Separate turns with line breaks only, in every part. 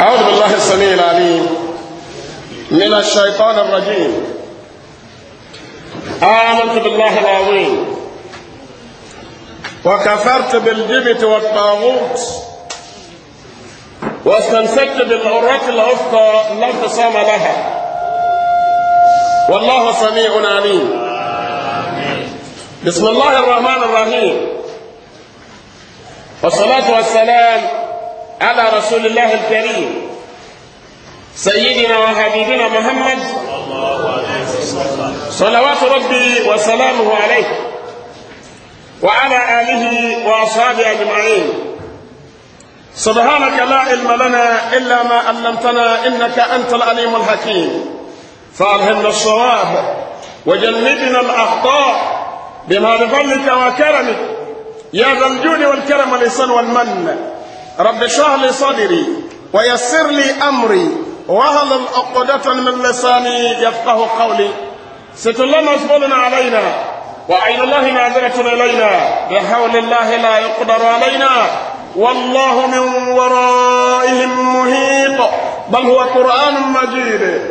أعوذ بالله السميع العليم من الشيطان الرجيم آمنت بالله العظيم وكفرت بالجبت والطاغوت واستمسكت بالعراة العفقى لا انقسام لها والله سميع عليم بسم الله الرحمن الرحيم والصلاة والسلام على رسول الله الكريم سيدنا وحبيبنا محمد صلوات ربي وسلامه عليه وعلى آله وأصحابه أجمعين سبحانك لا علم لنا إلا ما علمتنا إنك أنت العليم الحكيم فألهمنا الصواب وجنبنا الأخطاء بما بفضلك وكرمك يا ذا الجود والكرم والإحسان والمن رب اشرح لي صدري ويسر لي امري وهل عقدة من لساني يفقه قولي ست الله مسؤول علينا وعين الله معذرة الينا بحول الله لا يقدر علينا والله من ورائهم محيط بل هو قران مجيد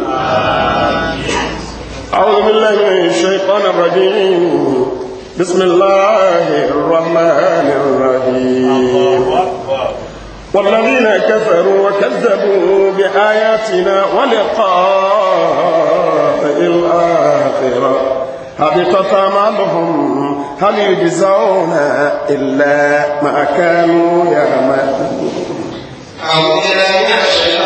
أعوذ بالله من الشيطان الرجيم بسم الله الرحمن الرحيم والذين كفروا وكذبوا بآياتنا ولقاء الآخرة حبطت أعمالهم هل يجزون إلا ما كانوا يعملون
أعوذ بالله من الشيطان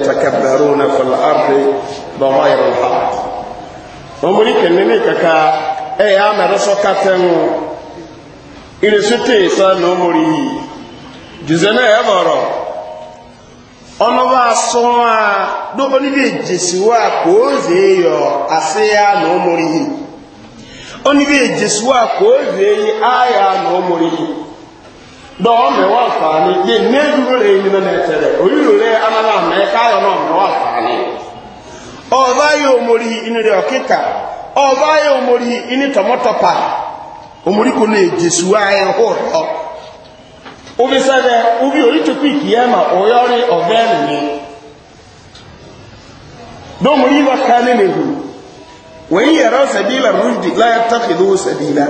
يتكبرون في الأرض بغير الحق ومريك أنني كاكا أي أنا رسوكاتن إلى ستي سنة مريه جزنا يبارو ọmọ bá sọ́n wá lókọ́ nílé jèsíwá kò ó zè yọ àṣíyá nà ọmọ rí yìí ó nílé jèsíwá kò ó zè yí áyà nà ọmọ dɔwɔ mɛ wa faani ye ne duro le dɛ mɛ k'a yɔ nɔ mɛ wa faani ɔba ye omori ini de ɔba ye omori ini tɔmɔtɔpa omori ko ne jesu ayɛ hɔ ọkụ. obi sɛ dɛ o o ma o yɔri ne la rudi la yɛ la.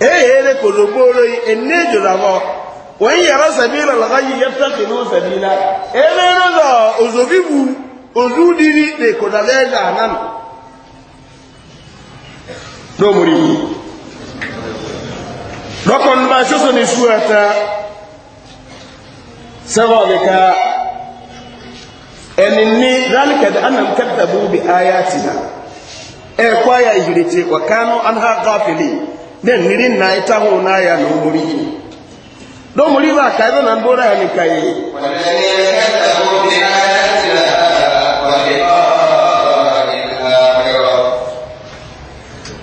eyere kologboroyi enejorabɔ wɔn yɛrɛ sabila lagayi yɛtɔkinu sabila ebere lɔ ozobibu ozudiri de kodalɛza anan lomori lɔkɔnba soso ni suwata sɛbɔbi ka Enini. dalikɛ de anam kɛtabu bi ayatina ɛkɔ aya ihiriti wa kanu anha gafili. den niri na ya na omori do ba ka na mbora ya nika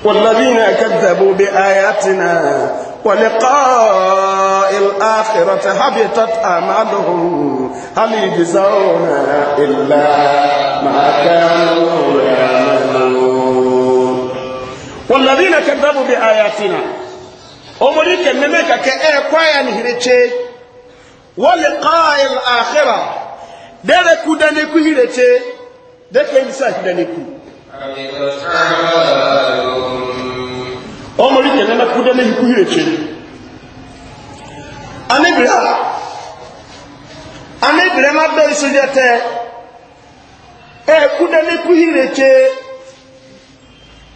والذين كذبوا بآياتنا ولقاء الآخرة حبطت أعمالهم هل يجزون إلا ما كانوا يعملون والذين كذبوا بآياتنا أمريكا نميكا كأي كوايا نهرتي ولقاء الآخرة دلكو دنكو هرتي دكا يمساك دنكو أمريكا نمكو دنكو هرتي أنبرا أنبرا ما بيسو جاتي أكو دنكو هرتي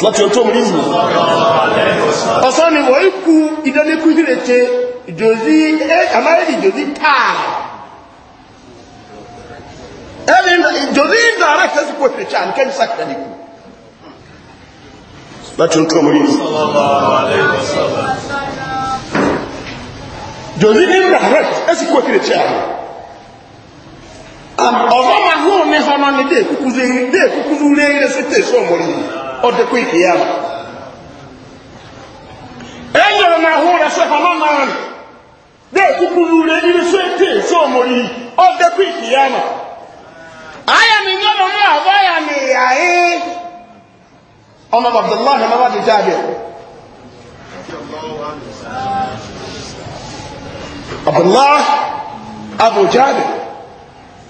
salatu ya tom limu ọ̀sán ni wọ́n ikú ìdánikú ìrètè ìjòzí àmáyé ìjòzí táà ẹni ìjòzí ìdára kẹsìkò ìrètè àníkẹ́ ìsàkìdánikú láti ń tom limu jòzí ìdára kẹsìkò ìrètè àníkẹ́ ọ̀sán ma hún ní ọmọ ní dé kúkúzú lé ilé sí tẹ̀sán mọ́rin ọdẹ kó ìkìyà rẹ ẹnyọrọ náà hó rẹ sọ hàmá náà rẹ bẹẹ kúkúrú rẹ ibi sọ ètè sọ ọmọ yìí ọdẹ kó ìkìyà rẹ ayé mi nyọrọ náà àbọ ayé mi yàáyé ọmọ abdullahi ní bàbá dìjà bẹ. abdullahi abu jaabir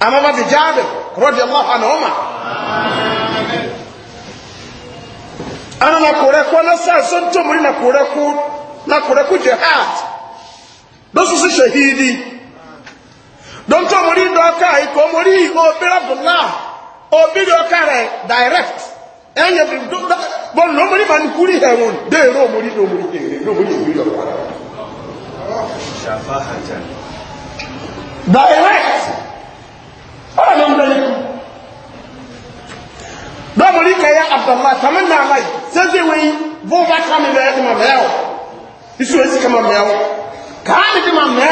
amaba di jaabir Allah anhu ma ana na ko na sa so to muri na kore ko jihad do si su shahidi don to muri do ka i ko muri o bi abdullah o bi do ka re direct enye bi do bon no muri man kuri he won de ro muri do muri de ro muri muri do shafahatan direct ana mdalikum dɔbɔli ka yɛ abdallah tami naala yi sɛnse wɛnyi bɔba kami bɛ ɛdi ma mɛɛ o isu esi kama mɛɛ o kaani di ma mɛɛ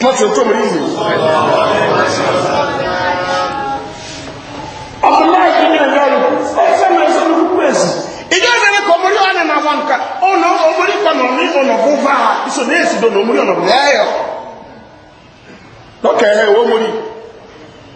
o tɔtɔ tɔmɔ yi yi abdallah yi kini ɛdi ayi ɛsɛ mɛ ɛsɛ mɛ kuku ɛsi ìjọ ìdè ni kòmòlì wà nínú àwọn nǹkan ọ̀nà òmòlì kọ̀nà ní ọ̀nà fúnfà ìsòmí èsì dòdò òmòlì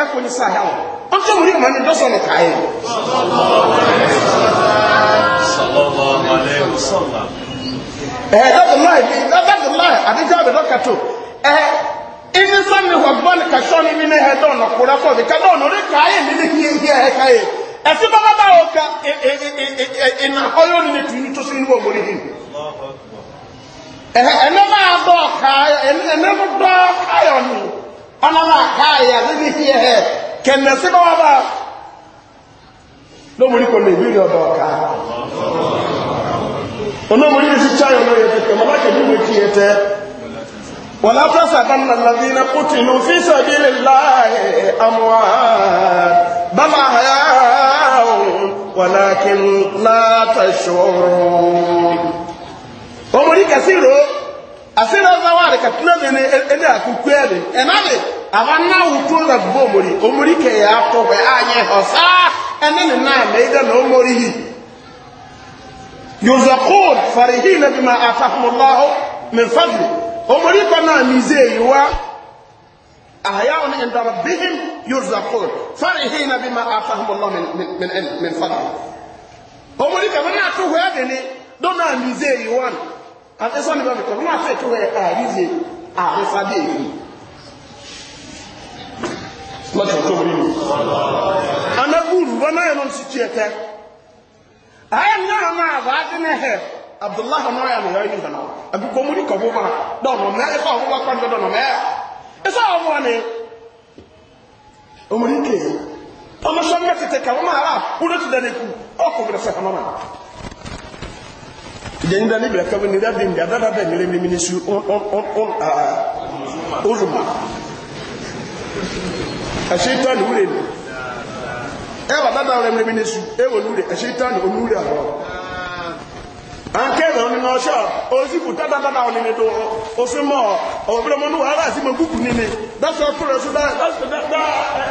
ẹkùn ní sáà yàwó ó tó wùrí ọmọ ní dọ́sọ̀nù káyé ẹ̀ẹ́dọ́gbọ̀nláì bí dọ́gbọ̀nláì àdíjọ́ àbẹ̀dọ́kàtò ẹ̀ẹ́ ìní sọ́ni wọ̀gbọ́n kàṣọ́ ní nínú ẹ̀ẹ́dọ́ ọ̀nà kúrẹ́ fọ́ ìka náà lórí káyé nílé kí ẹ̀ káyé ẹ̀sìn bá bá wọ ká ìnà ọyọ́ ní ètò ìní tó sí inú ọmọ nìyí ẹ̀ẹ́ ẹ̀ẹ́dọ́ ana ba kaaya bibi hiɛ hɛ kɛmɛ si ba wa ba lomori kɔni ibi ni ɔba ɔka onomori yi ti tsa yɔ lɔri ɛtɛ kɛmɛ ɔba kɛmɛ ibi tiɛ tɛ wala tasa kanna ladina kutinu fi sabili lahi bama hayawo walakin lata shoro omori kasi ro asiri ɔzawa ne ɛdi akukue de ɛna abanna wuturo na gugu omori omori ke ya akɔbɛ anyɛ hɔ saa ɛne ne nan na eda na omori yi yozakun farihi na bi ma afahumulahu mefadu omori kɔ na mize yi wa ahyawo ne ndara bihim yozakun farihi na bi min min min fadu omori kɛ wɔn ato hɔ ɛdini do na mize yi wa ɛsɛ ne ba bi kɛ wɔn ato hɔ ɛdini a yi lọ́jọ́ tó rí nù. Anagúrù wọn náà yẹn lọ sí tiẹ̀ tẹ́. Ayé náà máa bá dín ní hẹ̀. Abdullahi náà yà nìyọ́ yìí nìyọ́. Àbí kò mú ní kọ̀ bóbá dọ̀nà mẹ́ ẹ̀kọ́ àwọn bá pàdé dọ̀nà mẹ́. Ẹsẹ̀ àwọn wọn ni. Ọmọ nìkè ọmọ sọ́n bẹ́ẹ̀ tètè kà wọ́n máa rà kúrò ti dẹ́ni kú ọkọ̀ gbẹdẹ sẹ́ kàn náà. Ìjẹ́ni dání bẹ̀rẹ̀ ní ní àṣetán òwúrẹ̀ ni ẹ wà dáadáa rẹ̀ mẹ́rin ní su ewò lúrẹ̀ àṣetán òwúrẹ̀ àwọ̀ àǹkẹ́rẹ̀ ọ̀nà ní ọṣọ́ oṣùkù dáadáa ọ̀nà ní tó oṣùmọ̀ ọ̀bẹ̀rẹ̀mọ́nú wàhálà sí mọ̀gúkù nínú dáṣọ tó rẹ̀ sọ́dá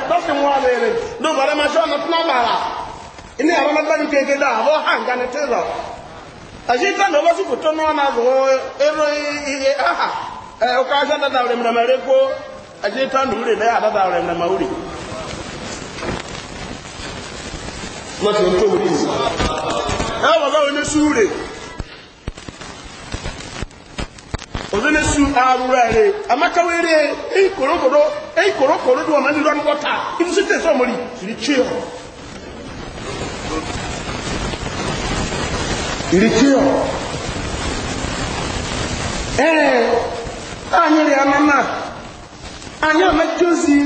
dáṣọ wọn rẹ̀ rẹ̀ lóòbàrẹ̀ máa ṣọ́ ọ̀nà tó náà ni aje ta nure na ya da da na mauri ma so to wuri ha wa ba ni sure ozene su arura re amaka were ei korokoro ei korokoro do amani ran kota ifu se te so mori siri chio siri chio eh anyere amama anya mejozi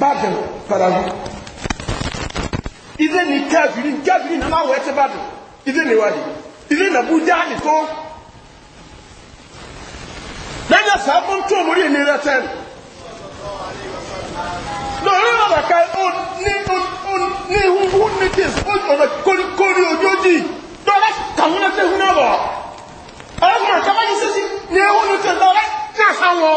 baden paragu ize ni kafiri kafiri na ma wete baden ize ni wadi ize na buja ni ko lẹ́yìn sáfún tó o o rẹ tẹ́ lórí ọ̀rọ̀ o ní ihu ní dis ọ̀rọ̀ kórikóri ojójì lọ́rẹ́ kàwọn ẹgbẹ́ o náà bọ̀ ọ̀rọ̀ kàwọn ẹgbẹ́ ihu náà bọ̀ ọ̀rọ̀ kàwọn ẹgbẹ́ ihu náà bọ̀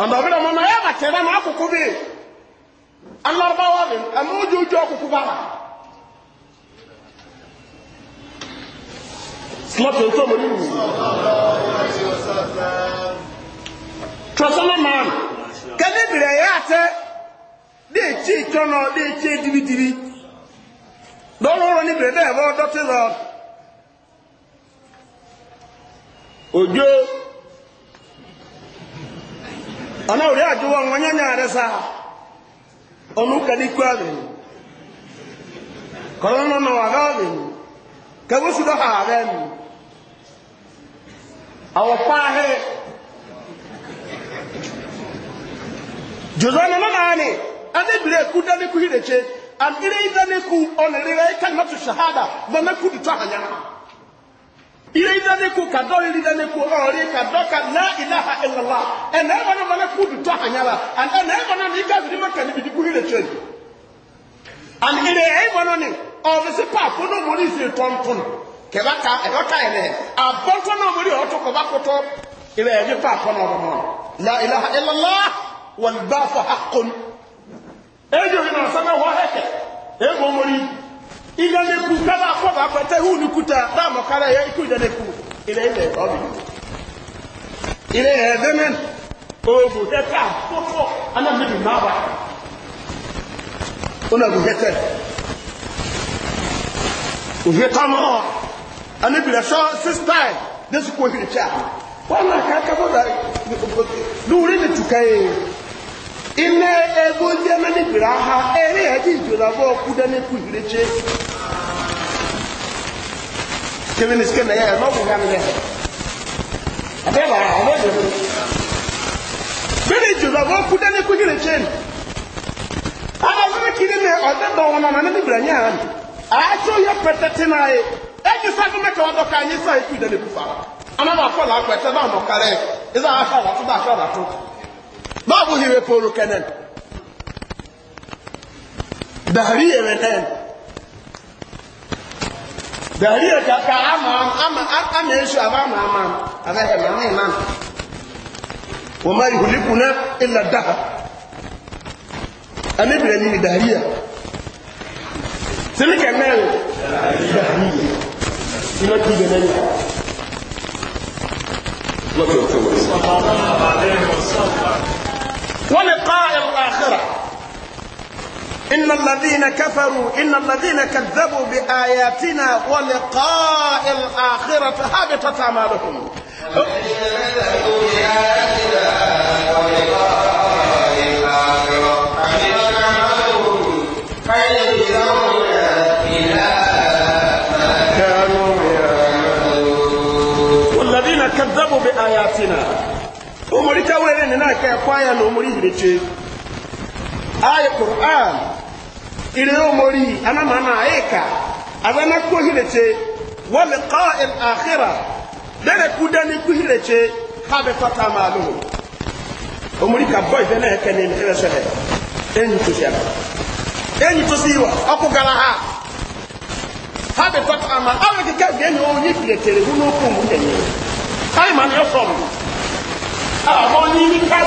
ọ̀dọ̀bìnrin akụkụ náà yẹ́ bàtẹ́ náà ụjọ bí alárúbáwá bí ẹ̀mú ojú ojú ọkùkù bára slọ́tò tó mọ̀ nínú ya man dị ẹ̀yẹ́ àtẹ́ na ọ dị dé tí dìbìdìbì lọ́rọ̀ọ́rọ̀ níbi ẹ̀dẹ́ ẹ̀bọ́ dọ́tí lọ òjò ana ori ajuwa nwanya nyaare saa ɔnu kani ku ave kɔlɔn no no ave ave kawo su do ha ave mi awɔ paahe jozo nana naani ade bire eku dane ku hi dekye and ire yi ku na shahada dane ku di ire idaneku ka dɔ ire idaneku ɔre ka dɔ ka na ilaha ilala ɛnna na mana kudu tɔ hanyala and ɛnna na mi gaasi ni ma ka ni bi le and ire ɛma na ni ɔbisi paako na omori se ka ka yɛlɛ abɔntɔn na ɔtɔ kɔba na la ilaha ilala wali na ɔsɛmɛ wɔ hɛkɛ ìdánilẹ́kù kẹ́lá àkọ́bà pẹ̀tẹ́ hù ní kúta dáàmọ̀ kára ẹ̀yọ́ ikú ìdánilẹ́kù ilẹ̀ ilẹ̀ ọ̀bì ilẹ̀ ẹ̀dẹ́mẹ́n oògùn tẹ́tẹ́ àkókò anábìbì máa wà o. bụ òfin táwọn ọ̀ anábìbì ẹ̀ṣọ́ sístáì dẹ́sùkú òfin ìṣẹ́ wọn náà ká kábọ̀ dárí lórí ní tùkẹ́ yìí ilé ẹgbẹ́ ojú eri nígbìrá ha eré ẹ̀dí kébé ní sikẹ́ nẹ́yẹ ẹ̀nà ọ̀gbìn gánilẹ̀ àbẹ́bàá àwọn ọ̀gbìn bẹ́ẹ̀ni ìjọba wọn kú dání kú yìí lè ṣe ni àwọn ọ̀gbìn kìíní ní ọ̀dẹ́ dọ̀wọ́n náà nínú ìbìlẹ̀ yẹn hàn àájọ yẹ pẹ̀tẹ́ tí náà yẹ ẹ̀yìn sáfù mẹ́kẹ́ ọ̀dọ̀ ká ẹ̀yìn sáà ikú ìdẹ́ni kúfà anáwó àfọlà pẹ̀tẹ́ bá ọmọ kárẹ̀ ẹ̀sà àfàlàtú bá àfàlàtú báwo hìrè polo kẹ́nẹ́ni dàrí ẹ̀rẹ̀ náà dàríyà kàkà àmà èṣù àbá àmà àmà àbẹ́hẹ̀ màmá ìmá wọ́n máa ìhùn líkù náà ilẹ̀ dáa ẹnìbìrẹ̀ ní dàríyà tí ní kẹ̀mẹ́rin dàríyà ilẹ̀ kí ìgbẹ̀ lẹ́yìn wọ́n lè kọ́ ẹ̀rọ àkẹ́rà إن الذين كفروا إن الذين كذبوا بآياتنا ولقاء الآخرة هبطت أعمالهم والذين كذبوا بآياتنا أمريكا وين هناك يا أخويا أمريكا aya qur'an ire o mori ana mana aika agana ko hirete wa liqa'il akhirah dere kudani ku hirete kabe fata malu o mori ka boy dene heke ni mi resele enyu to siya enyu to siwa aku gala ha kabe fata ma awe ke ka dene o ni piletere huno ko mu dene ai man yo som ah mo ni ka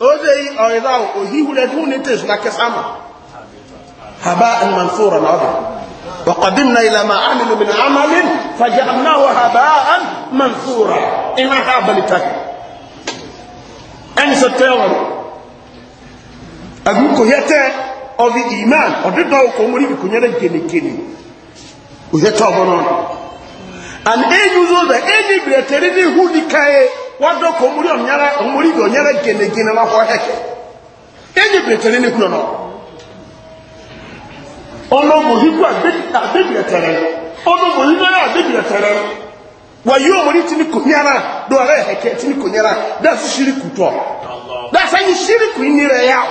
ozeyi ọrịdahụ ohihule dunetes na kesama haba manfura na ọdụ وقدمنا إلى ما عملوا من عمل فجعلناه هباء منثورا إن هذا لتك أني ستيوم أقولك يتى أو في إيمان أو في دعوة كومري بكون يرى جيني جيني ويتى أبنان أن أي جزوزة أي بريتريني هو دي كاي wado ko muri onyara omuri go nyara gene gene na ho heke enyi betere ne kuno no ono mo hiku abedi abedi etere ono mo hiku abedi etere wa yo muri tini kunyara do ara heke tini kunyara da su shiriku to da sa yi shiriku ni re ya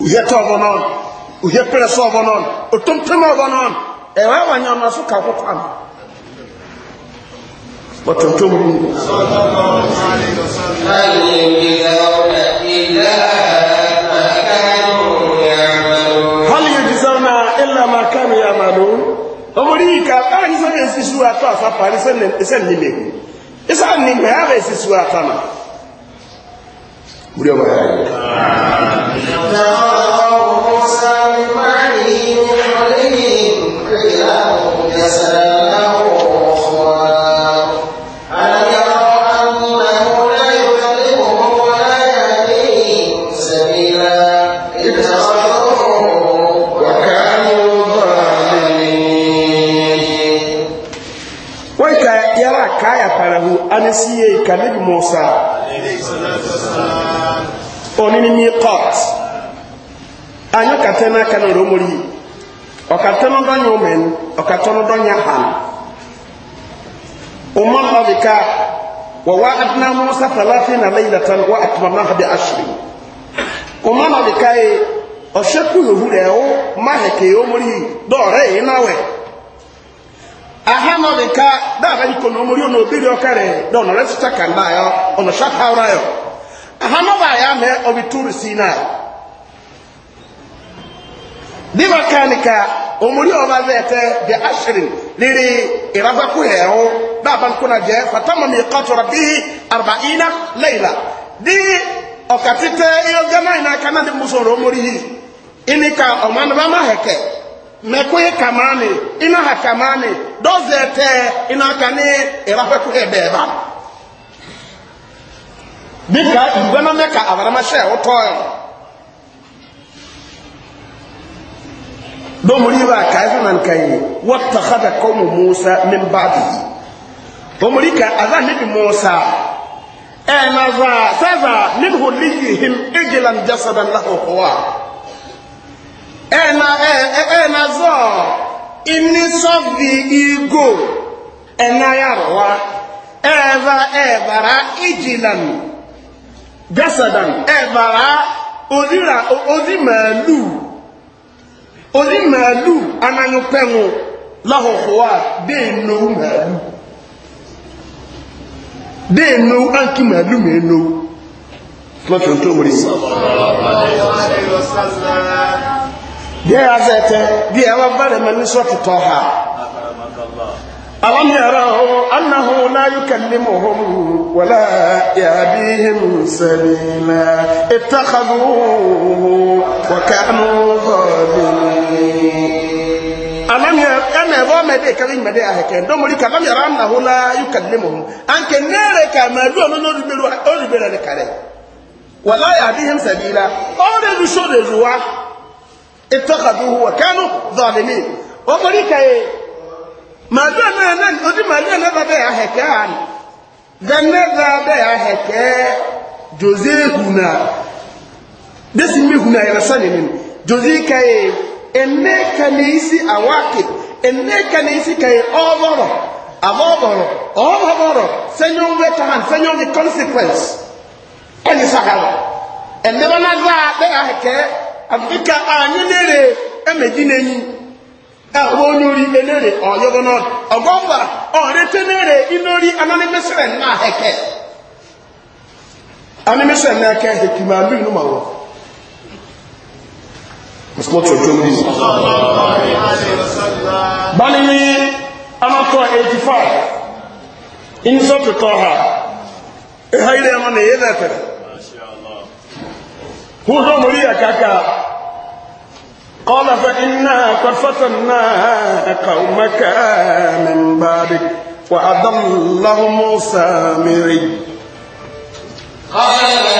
uye to bo non uye pere so bo non o tum tum bo non e wa wa nyona so ka ko kwa watan to mun hal yujzauna illa ma kanu ya'malun omori ka ani so en sisu ato afa pari se ne se ni me isa ni ní sí ìkà níbi musa òní ní miqat anyọ kàtẹ́ náà kan rẹ̀ omori ọ̀kàtẹ́ náà dọ́nyẹ omen ọ̀kàtẹ́ náà dọ́nyẹ han umar ọ̀bìkà wọ̀wá adná musa tàlàfin na lẹ́yìnlẹ́tàn wọ́n àtùmọ̀mọ́ àbí ashiri umar ọ̀bìkà yìí ọ̀ṣẹ́kù yòówù rẹ̀ ó máhẹ̀kẹ̀ yìí omori dọ́ọ̀rẹ́ yìí náà wẹ̀ ahama bika daba yiko na omori ono obiri okare da ono resita kanda yo ono shaka ora yo ahama ba ya me obi turu sina diba kanika omori oba zete dị ashrin liri iraba ku hero daba kuna je fatama miqatu rabbihi 40 leila di okatite iyo gana ina kana ndi musoro omori hi inika omana ba ma heke mekuhi kamani inaha kamani dozete inakani irahwekuhe beba bika ibana meka avaramashe otoyo domuriba kaifunan kai wattakhadha qaumu musa min ba'dihi domurika azan nabi musa ena za sasa min huliyihim ijlan jasadan lahu qawa ẹ̀nà ẹ̀nà zọ́ inisọ́bì igò ẹ̀nà yàrọ̀wá ẹ̀ẹ̀bà ẹ̀ẹ̀bàrá ìjìlànù gásàdàn ẹ̀ẹ̀bàrá òdìrà òdìmẹ̀lú òdìmẹ̀lú anányúpẹ̀wò láhọ̀fọ̀wà déènó mẹ̀lú anki ánkì ma enu. tó wọlé. diẹ yà zẹ tẹ diẹ yà wà bàrẹ mẹ ní sọ tutọ ha. alam yàrá hó anahu náyú kẹlẹmú hó wàlá yàbí him sẹlẹlá ìtàkàdúhó wàkànú bọ̀dé.
alam yàrá ẹnna ẹbọ
mẹdẹ kẹlẹ mẹdẹ ahẹkẹ ndomori kẹ alam yàrá anahu náyú kẹlẹmú hó anke nẹẹrẹ kà mẹlú ọlọlọ olùgbèrè olùgbèrè rẹ kàrẹ wàlá yàbí him sẹlẹlá ọrẹ lu sọ de lu wa. اتخذوه وكانوا ظالمين ومريكا ايه ما دعنا نن ودي ما لنا بابا هكان ذنب بابا هكا جوزي هنا دس هنا يرساني من، جوزي كاي انك كنيسي اواكي انك كنيسي كاي اوبر اوبر اوبر سنيون وتان سنيون دي كونسيكونس اني ساغا انما نذا بابا هكا afirika anyị lere emeji enyi ahụ onori enere ọyọgọ ọgọmba ọrete nere inori ananimesere na heke ananimesere na heke hekima n'ụmụ awọ mọsọmọtò tó ń 85 inisọ ịha ọmọ na-eyé هو مريا كاكا قال فإنا قد فتنا قومك من بعدك وأضلهم سامري
قال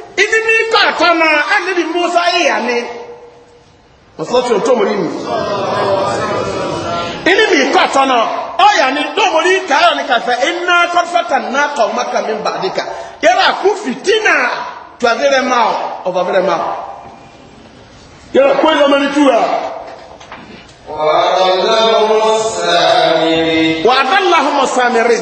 ìdí ní ikọ̀ ẹ̀kọ́ náà ẹ̀nẹ́bí musa yíyà ni ọ̀sọ́tún tó mọ̀ nínú ìdí ní ikọ̀ ẹ̀kọ́ náà ọ̀yà ni lóòmọ̀rí káyọ̀ ní kàfẹ́ iná kọ́fẹ́tà náà kọ̀ mọ́kà mi bà díkà yẹ́rà kú fìtínà tuwàbẹ̀rẹ̀ máa ọ̀bàbẹ̀rẹ̀ máa yẹ́rà kú ẹ̀yọ́ mẹ́rin tú wàdàláhùmọ̀sàmìrì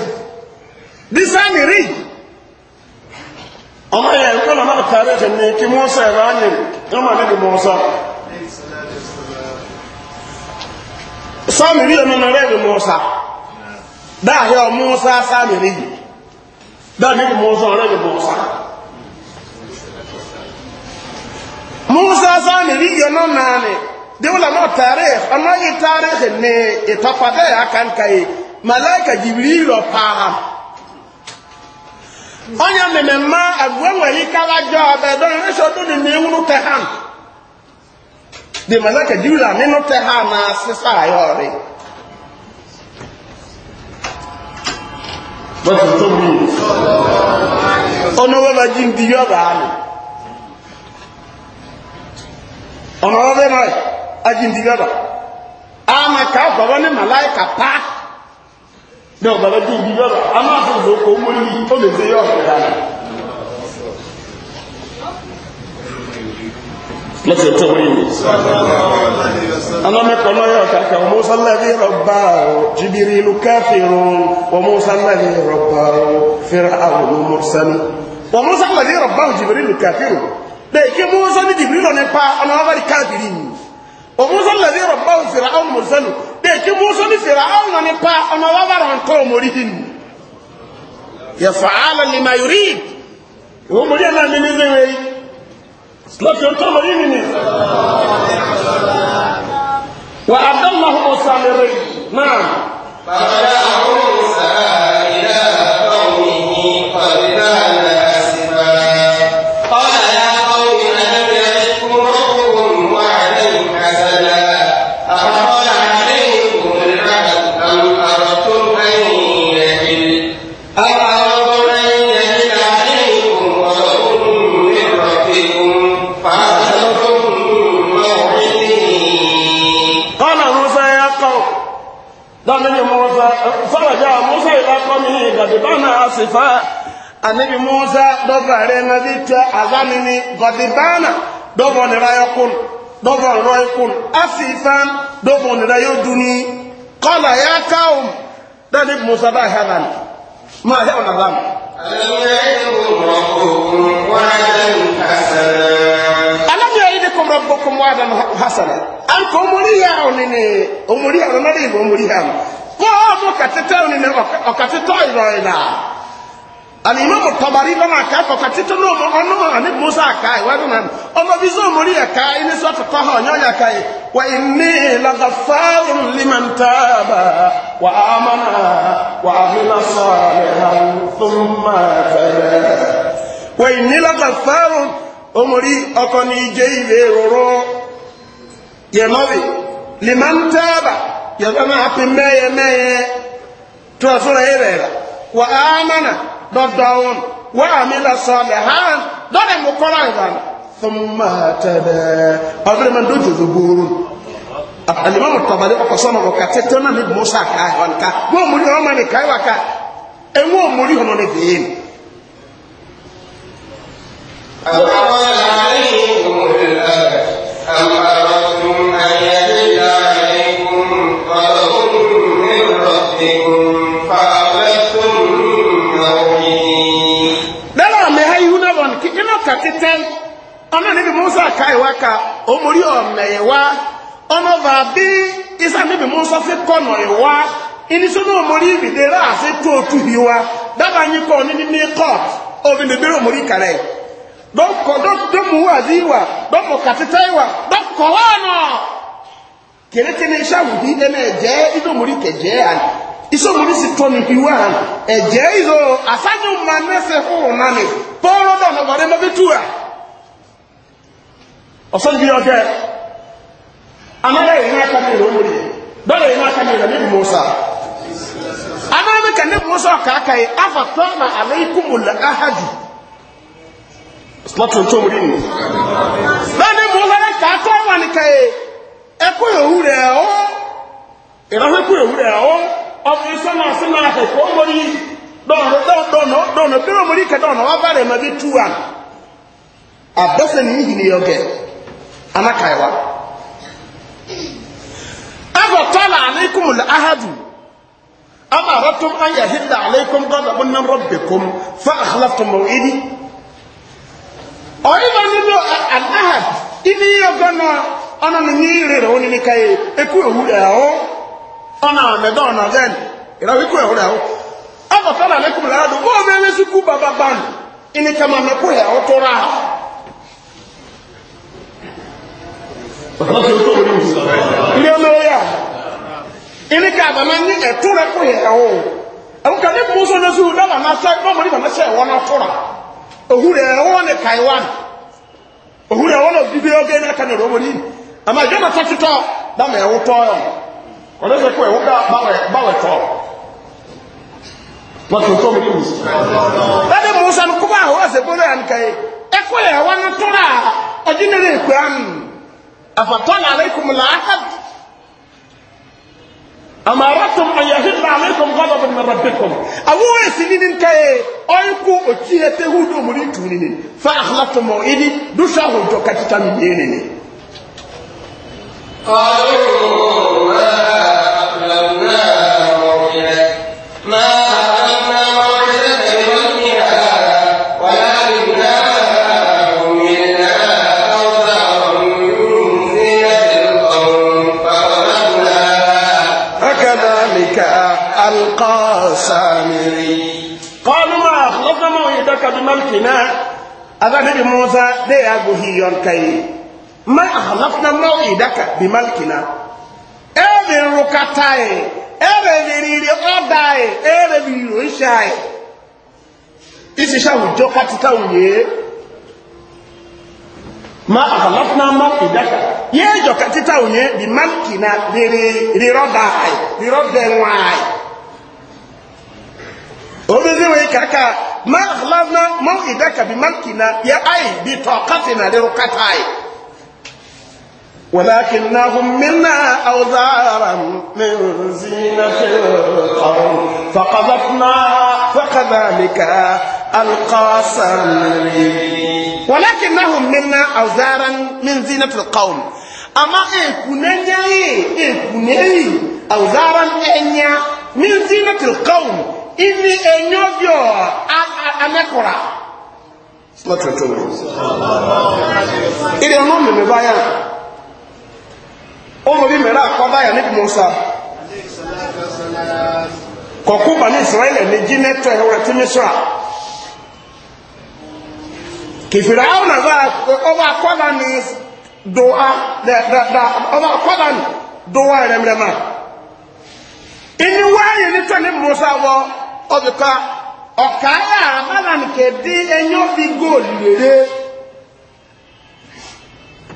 ọmọ yẹn ń kọ́nà náà tààrẹ tẹ̀ ní kí mọ́sá ẹ̀rọ ányè ọmọ níbi mọ́sá sáàmì rí ẹ̀mí náà rẹ̀ mọ́sá dáhẹ́ ọmọ mọ́sá sáàmì rí dáhẹ́ níbi mọ́sá ọ̀rẹ́ mọ́sá mọ́sá sáàmì rí yẹn náà náà ni dewula náà tààrẹ ọmọ yìí tààrẹ tẹ̀ ní ìtọ́padà yà kànkà yìí màláìkà jìbìrì rọ̀ pààhà. onye mmemme abụọ nwere ike agajọ ọbịadọrọ nrịsọdụ dị n'iwu n'ute ha dị mana ka jula n'ịnụte ha na asịsa ya ọrị ọnụwọba ji ndị yọba ahụ ọnụwọba ji ndị yọba ama ka ọ gọbọ ndị malaika paa náà bàbá tó ibi yọ́rọ̀ a máa fún ìlú okò mú ní ó lè ṣe yọ́ ọ̀pẹ̀ dára
lọ́sẹ̀ tó wọ́n yìí
anọ́mẹ́kọ̀ọ́ náà yọ̀ kàkà wọ́n mú sálẹ́bí rọ̀bà jìbìrì ìlú káfíìrún wọ́n mú sálẹ́bí rọ̀bà fẹ́ra àwọn olùmọ̀sánú wọ́n mú sálẹ́bí rọ̀bà jìbìrì ìlú káfíìrún bẹ́ẹ̀ kí mú sálẹ́bí jìbìrì lọ́nẹ́pá ọ̀nà وموسى الذي رباه فرعون مرسله ديكي موسى ني فرعون ني با انا وبر عن قوم مريدين يفعل لما يريد هو مريد انا من زي سلف يوم مريدين وأدلهم سامرين نعم
فجاءهم
asifa anabi musa dɔbɔ are na bi tɛ azanini gɔdibana dɔbɔ nira yɛ kun dɔbɔ nira yɛ kun asifa dɔbɔ nira yɛ duni kɔla ya kaw dani musa ba hɛ nani ma hɛ o naba ma. alamu de kɔmɔ bɔ kɔmɔ adamu hasana an ko mori yɛ o ni ne o mori yɛ o nana de bɔ mori yɛ ma kɔɔ mo katitɛ o ni ne ɔkatitɔ yɔrɔ yɛ la alimami tɔbari lɔn a kaa kɔkɔ titi n'o mɔ ɔnɔ ani musa a kaa ye wa dun na ɔmɔ bi zɔn mori a kaa ni sɔtɔ tɔhɔ nyɔnyɛ a kaa ye wa inni lagafaru liman taaba wa amana wa amina sɔɔlihan thumma fɛrɛ wa inni lagafaru omori oh, ɔkɔni jeyi be roro yɛnɔbi liman taaba yɛrɛ ma hapi mɛyɛ mɛyɛ tura sɔrɔ yɛrɛ la wa amana dɔdɔn wàhámi la sɔɔlɛ hàn dɔdɛ mu kɔrɔ yìí thumma tɛdɛ ɔbɛrɛ mɛ ndojo do booro alimami tɔbali ɔkɔsɔn na ɔka tɛ tɛnɛ mi musa ka ɔn ka wọn mu ni ɔma ni ka yi wa ka ewu omori hɔn ni bɛyɛ ni. أَوَلَا عَلَيْهِمُ الْأَرْضُ أَمْ أَرَدْتُمْ أَنْ ka tete ọna níbi musa ka ìwá ka omori ọmọ ìwá ọna bá bí isa níbi musa fi kọnà ìwá na omori ibìdè rà sí tóòtù ìwá dábàá yín kọ ní ní court omi bèbèrè omori kàrẹ dọkọ dọmu wà sí ìwà dọkọ ka tete ìwà dọkọ wà nọ kèrèkèrè iṣẹ àwùjọ ẹnẹ jẹ idomori kẹjẹ àná. isomoni si tɔ ni hiwa ɛjɛ yi lo asanju ma nɛsɛ hoo nani pɔɔlɔ dɔ nɔgɔdɛ nɔbi tuwa ɔsɔnju yɛ ɔdɛ anayɛ yi n'aka mi yɛrɛ omori dɔlɔ yi n'aka mi yɛrɛ musa anayɛ ka musa na aleikum aha ji. sɔtɔn tó omori ni ka ọmọ isọmọ asọmọ ahẹkọ ọmọdé yìí dọ̀nà dọ̀nà dọ̀nà bí wọn mọ̀rí kẹta ọ̀nà wọn bá rẹ̀ mọ̀ bí tú wa abẹ́sẹ̀ ní ìhìn yọ gẹ̀ anákàíwá afọ tọ́lá aleikum ahadu ama aratum an yahidda aleikum dọ́là bó nam rọ́bìkum fa ọ̀nà àmẹ́dọ́ ọ̀nà zẹ́n ìràwíkú ẹ̀họ́ rẹ̀ ọ́ abọ̀tánà lẹ́kùn láàdù wọ́n mẹ́rin sí kú bàbá bàn ìní kẹmà mẹ́kù rẹ̀ ọ́ tó rà ilé olóyà ìní kẹ àbàmẹ́ ní ẹ̀tún rẹ̀ kù ọ́ ẹ̀wọ́n ní sẹ́ ní sẹ́ ẹ̀wọ́n náà ẹ̀wọ́n ní ẹ̀wọ́n náà bíbí ọgẹ́ náà wọ́n lẹ́sẹ̀ pé ẹ̀wọ́n báwẹ̀ tọ́ lọ́tún tó mi nìyí. lẹ́dí musa ní kúbà àwọn ọ̀sẹ̀ bọ́lá yà ń kẹ́ ẹ̀kọ́ yà wọ́n ní tọ́lá ọdún nílé ìpè àmì àfàtọ́lá aleikum làákàt. àmà arátum ayahidra aleikum gbọdọ̀ bẹ̀rẹ̀ mẹ́rẹ̀ bẹ̀kọ̀m. muri tunini. ní ní kẹ́ dusha kú òtí ẹ̀
قالوا ما أقلبنا موعدك ما أقلبنا موعدك بملكنا ولكننا حملنا أوزارا من زينة
القوم فقلبناها فكذلك ألقى سامري قالوا ما أخلصنا موعدك بملكنا أذهب موسى ليأبو هيون كي ma ahalafna mawidaka bimalikina ebe nrụkata anyị ebe meriri ọda anyị ebe meriri oishi Isi isicha ụjọ katita unye ma ahalafna mawidaka Ye ejọ katịta unye bimalikina riri ọda anyị riri ọda nwa anyị obezi wee kaka ma ahalafna mawidaka bimalikina ya anyị bitọ katina rịrụkata anyị ولكنهم منا أوزارا من زينة القوم فقذفنا فكذلك ألقى سمري ولكنهم منا أوزارا من زينة القوم أما إكونني إكونني أوزارا إنيا من زينة القوم إني أنيوبيو أنكرا أنا الله إلي أمام من بيان omori mẹ́rẹ́ akọ́dá yà níbi musa kọ̀kú bà ní israẹlẹ̀ ní jí nẹ́tọ̀ ẹ̀wọ̀rẹ̀ tí mísra kìfìrà áwọn nàzá ọba akọ́dá ní dùwà ọba akọ́dá ní dùwà ẹ̀rẹ̀mẹ̀rẹ̀mà inú wáyé nítọ̀ ní musa wọ ọdùkọ́ ọ̀kà yà àbálà nìkẹ́dí ẹ̀yọ́ fi góòlù rere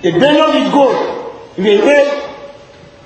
ìgbẹ́yọ́ góòlù rere.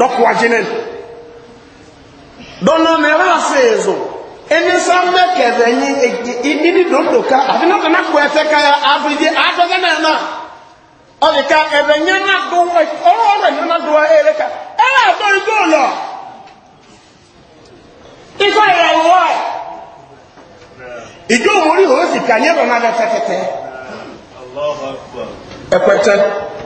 dɔkuwajinin dɔnɔmɛrɛ aseezo enisɔmɛ kɛlɛ nyi idini e, e, e, dondo ka afi na tana kɔ ka ya afidie adɔgɛ nana ɔdi ka ɛfɛ nyana do ɔwɔlɔ nyana do ɛyɛ ka ɛyɛ adɔri do lɔ ikɔ yɛ wɔ idzo wòli o sika nyɛ dɔnɔ adɛ tɛtɛtɛ ɛkɔtɛ.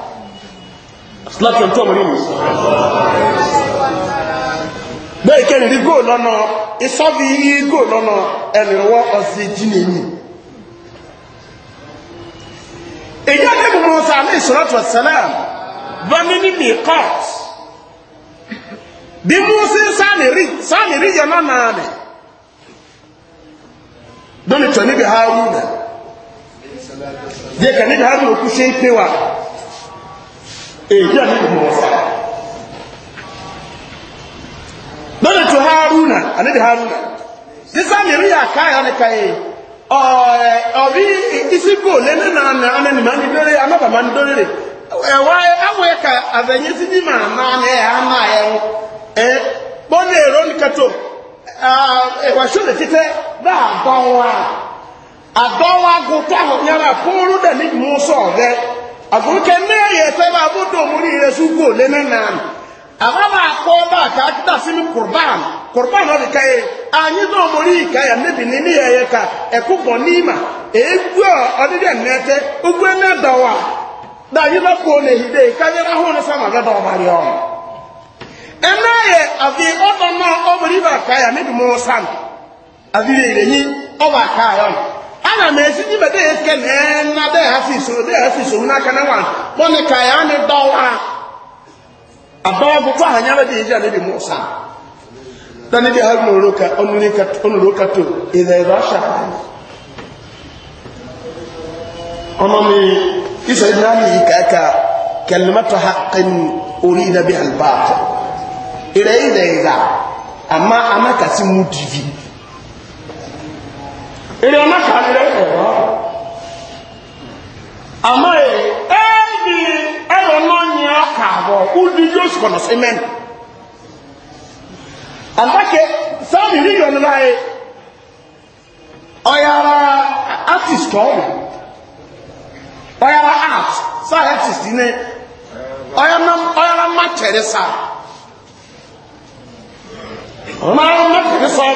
láti ọjọ́ mọ̀ nínú bẹ́ẹ̀ kẹ́ni rí góò lọ́nà ìsọ́bí rí góò lọ́nà ẹnìrọwọ́ ọ̀sẹ̀ na ìjọ́ ní gbogbo na alẹ́ ìṣòrọ̀tù ọ̀sẹ̀lẹ̀ bá ní ní mìíkọ́t bí mú sí sáàmì rí yọ lọ́nà rẹ̀ lónìí tọ̀ níbi haruna jẹ́ kẹ́ níbi haruna kú ṣe ń pè wá èyí àti ìgbìmọ̀ ọ̀sà lọ́dọ̀ tó haruna àníbi haruna sísá mìírí àká ìhánika yìí ọ̀rí ìsígbò lẹ́nu náà nà ọ́nà nìmọ̀ ní dórí anábàmà ní dórí rẹ̀ ẹ̀wọ́ ẹ̀wọ́ ẹ̀ka àbẹ̀yẹ sí ní màá náà ní ẹ̀ hánà ẹ̀wọ́ ẹ̀ bọ́ọ̀lù èrò nìkẹ́tò ẹ̀wọ̀ ṣọlẹ̀ títẹ́ náà àdánwà àdánwà gòtò àwọn yàrá fún orúdẹ̀ ní àkùrùkẹ́ mẹ́ẹ̀yẹ fẹ́ bá bódò mórí rẹ̀ ṣúgbò lẹ́nà náà àbábà kọ́ bá kàákítà sínú kùrbán kùrbán ọ̀dì káyẹ àyíndò mórí ìkáyà níbi ní ní ẹ̀yẹ ká ẹ̀kú bọ̀ níma èégbò ọdídẹ̀ nẹ́tẹ́ ogbó ẹ̀nẹ́ dọ̀wà dàyíndò kò lè hìdè ìkáyẹ́rẹ́ sàmà àfi náà ọmọ ana m esi n'ime de eke na na de hafis de hafis owu n'aka na nwan bọni ka ya ni dọwa abawa akwụkwọ ahụ nyere dị eji anịdị mụ sa na ndị ha nụrụ ka ọnụrụ ụka to ịda ịda ọsha ọnụ mi isa ịdị ha n'ihi ka aka kalimata ha kan ori ịda bi albaata ịda ịda ịda ama ama kasị mụ divi èrè ọ̀nà kàlẹ́ ẹ̀rọ àmọ́ ẹ̀ ẹ́ẹ̀dì ẹ̀rọ náà ní ọkà àbọ̀ údí yóò sì kọ̀nà sí mẹ́nu àtàkẹ́ sáàmì nílò ní báyìí ọ̀yàrá artist ọ̀rọ̀ ọ̀yàrá art sáà artist ní ọ̀yàrá mátẹ̀rẹ̀ sáà ọ̀yàrá mátẹ̀rẹ̀ sáà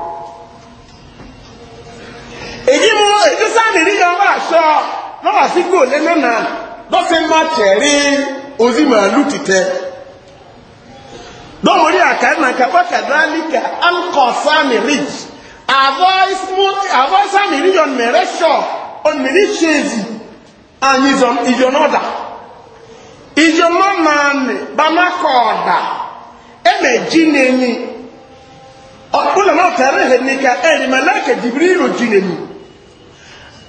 èyí mú ètò sáàmì rí náà wà sọ náà wà sí gòlé lónà lọ́sẹ̀ má tẹ̀rí ozi màálù títẹ́ lọ́wọ́ rí àkàrà kàkọ́kà dálíkà ankọ̀ sáàmì rí àbọ̀ sáàmì rí yọ mẹ̀rẹ́ sọ ọ̀nìrí ṣèzì àmì ìjọ̀nọ́dà ìjọ̀nọ́nà ni bámakọ̀ ọ̀dà ẹ̀mẹ̀jì nìyí ọ̀pọ̀lọpọ̀ tẹ̀rẹ̀ hẹ̀ nìkà ẹ̀rìmẹ̀lẹ́kẹ̀ jìbìrì ìròjì nìyí.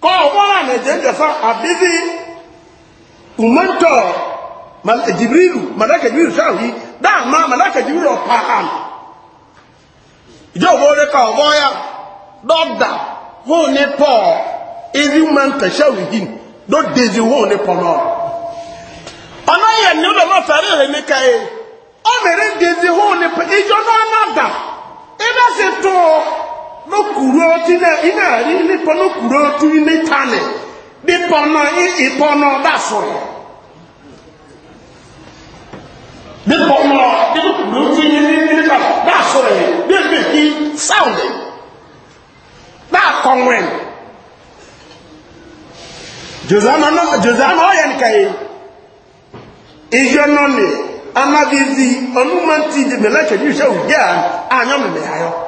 Kọọ ọ nàìjíríà na àbíbí umantọ́ jibirilu malaka jibirilu sáwùí dáàmà malaka jibirilu ọ̀pá àmì ìjọ òbó rẹ ká ọ̀bọ ka dọ́gba ya, ní pọ̀ èyí umantọ́ sáwùí yìí ló dèjì hóò ní ada. ponokuro ti na ina ri ni ponokuro tu ni tane bi pono i ipono da so bi pono bi ponokuro tu ni ni ni ka da so re bi bi ki sound da konwen jozama no jozama o yen kai ijo no ni amagizi onumanti de melache ni se o ja anya me ayo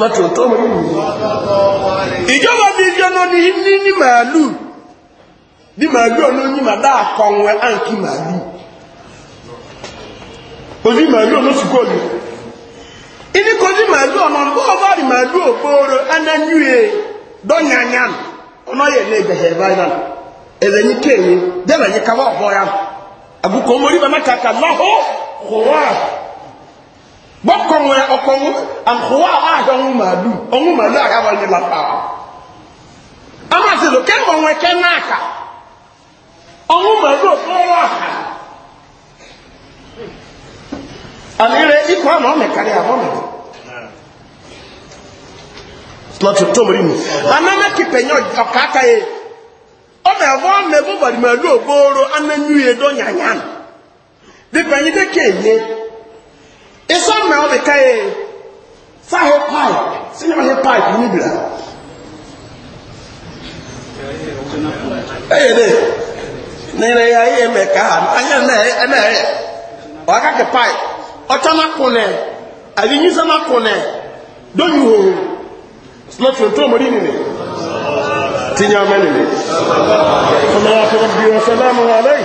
láti ọ̀tọ́ mọ̀ ìjọba di ìjọba ní ní ní màálù ní màálù ọ̀nà ní màdá àkọ̀wẹ̀ àǹkí màálù òní màálù ọ̀nà ṣùgbọ́n ni ìní kò màálù ọ̀nà bó rí màálù òbóoro anányúye dọ́nyanyan ọ̀nà ní ìgbẹ̀hẹ̀ báyìí ẹ̀rẹ̀ ní kéèyàn dẹ́rẹ̀ ní ọ̀bọ̀ ya àbúkọ̀ mọ́rí bàmẹ́kàkà lọ́hó bọ́kọ̀wé ọkọ̀wé ahụwa àhà ọ̀hún màálù ọ̀hún màálù àhà wọn ni lọ́pàá wọn. amásì ló kẹ́kọ̀ọ́ wọn kẹ́ náà ọnwụ ọ̀hún màálù ọ̀fọ́wọ́ aka yẹ ọmọ ẹ̀fọ́ mẹ́fọ́ bàdìmọ̀ ẹ̀lú ògbóró enye. isɔn na ɔde ka yɛ sa hɛ pipe sɛ nyɛ ma hɛ pipe ni bila ɛyɛ dɛ ne yɛrɛ yɛ ayɛ mɛ ka ayɛ nɛ ɛnɛ yɛ ɔka kɛ pipe ɔtɔ na ko nɛ ayi nyisa na ko nɛ dɔnyu wo sinɔtun tó mo di nini tinya mɛ nini sɔmɔ wa sɔrɔ bi wa sɛlɛmu wa lɛyi.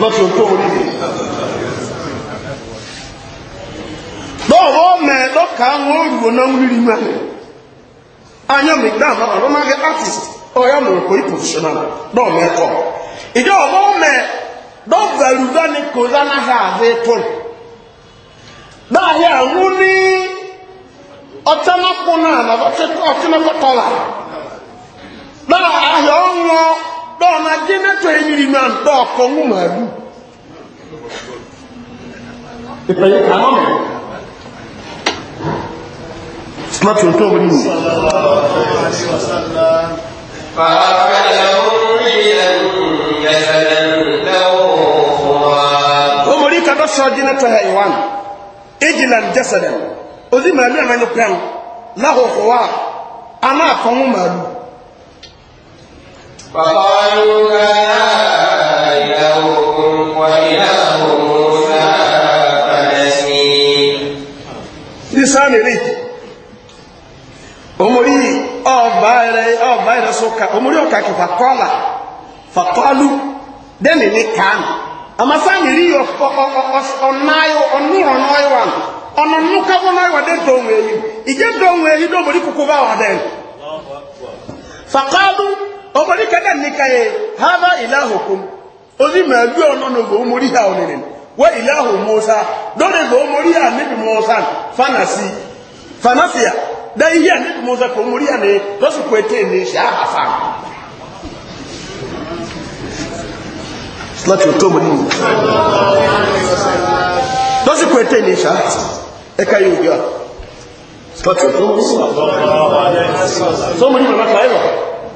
lọ́tí òkú orí mi. lọ́wọ́ mẹ́ dọka ahụ o ruo ń rírí mẹ́ anyọ́ mi dá àmọ́ artist ọ̀yá mọ̀ ọ̀pọ̀ yìí professional náà mẹ́kọ̀ ìjọ ọ̀wọ́ mẹ́ lọ́gbẹ̀rù dání kò dáná ha àhẹ́ tó dọ́ọ̀nà jẹ́nẹ́tọ̀ ẹ̀yìnrì náà dọ́ọ̀kọ́ ń màálù ìpẹ̀yẹ kàánà láti ọ̀tọ́ omi nù omori kadọ́ sọ jẹ́nẹ́tọ̀ ẹ̀yìnwán ejilan jẹ́sẹ̀lẹ̀ ozi màálù ẹ̀mẹ́nu pẹ́rù láhùn fọwá aná àkọ́mú màálù
fakọọlụ
لنا إلهكم وإله ọmọdé kẹ́dẹ̀ nìkan yẹ hama ìlàhùkún onímọ̀ ẹ̀bí ọ̀nà ògbò mórí ha ònìrìn wọ́n ìlàhù mọ́sá lónìí gbò mórí ha níbi mọ́sá fanasi fanasia dá ihe a níbi mọ́sá kò mórí ha ní lọ́sùkú ètè ní ṣe àhàfà láti ọ̀tọ́ mọ́ nínú lọ́sùkú ètè ní ṣe àhàfà ẹ̀ka yóò gbé wa láti ọ̀tọ́ mọ́ nínú sọ́mọ́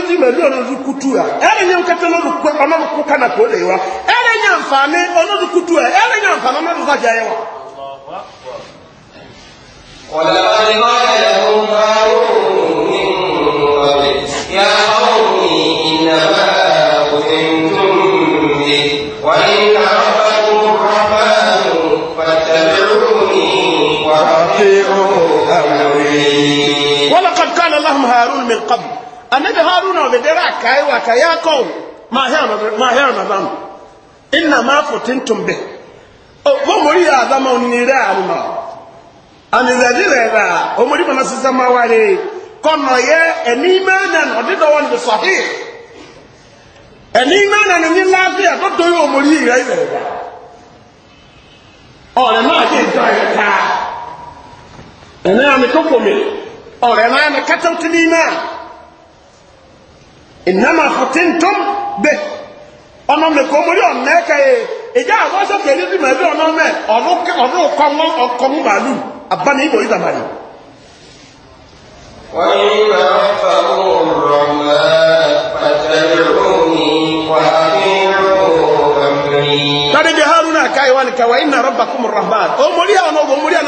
oríṣi mẹ́lú ọlọ́dún kútu rà ẹ̀rẹ̀ yẹn kẹtẹ ọlọ́dún kú kánà kó lè wa ẹ̀rẹ̀ yẹn ànfààní ọlọ́dún kútu rà ẹ̀rẹ̀ yẹn ànfààní wá من قبل annabi haruna obedera kai wa kai yakon ma hana ma hana bam inna ma futintum bi o bo mori ya da ma ni re alma ani da di re da o mori mana sisa ma ware kono ye eni ma na no de do won bi sahih eni ma na no ni lafiya to do yo mori ira ire da o le ma ke do ire ka ene ami ko ko mi o le ma na katauti ni ma ìnáma fòtíntùm bẹ ọ̀nà mẹ́kọ̀ ọmọdé ọ̀nà ẹ̀ka yẹ ìjà àkọ́sọ́ kẹ́lí bí mẹ́bí ọ̀nà mẹ́ ọ̀nà ọ̀kọ́mọ ọ̀kọ́mọ bàálù àbáni ìbò ìdàmà ni. wọ́n yí máa fa
ohun rọ̀ mọ́ pàtàkì òní wà ní ọ̀gbìn. tàbí
di na káyọ̀ wà ní kẹwàá iná rọ́bà kúmọ̀ rahman ọmọdé ọ̀nà ọ̀gbọ̀n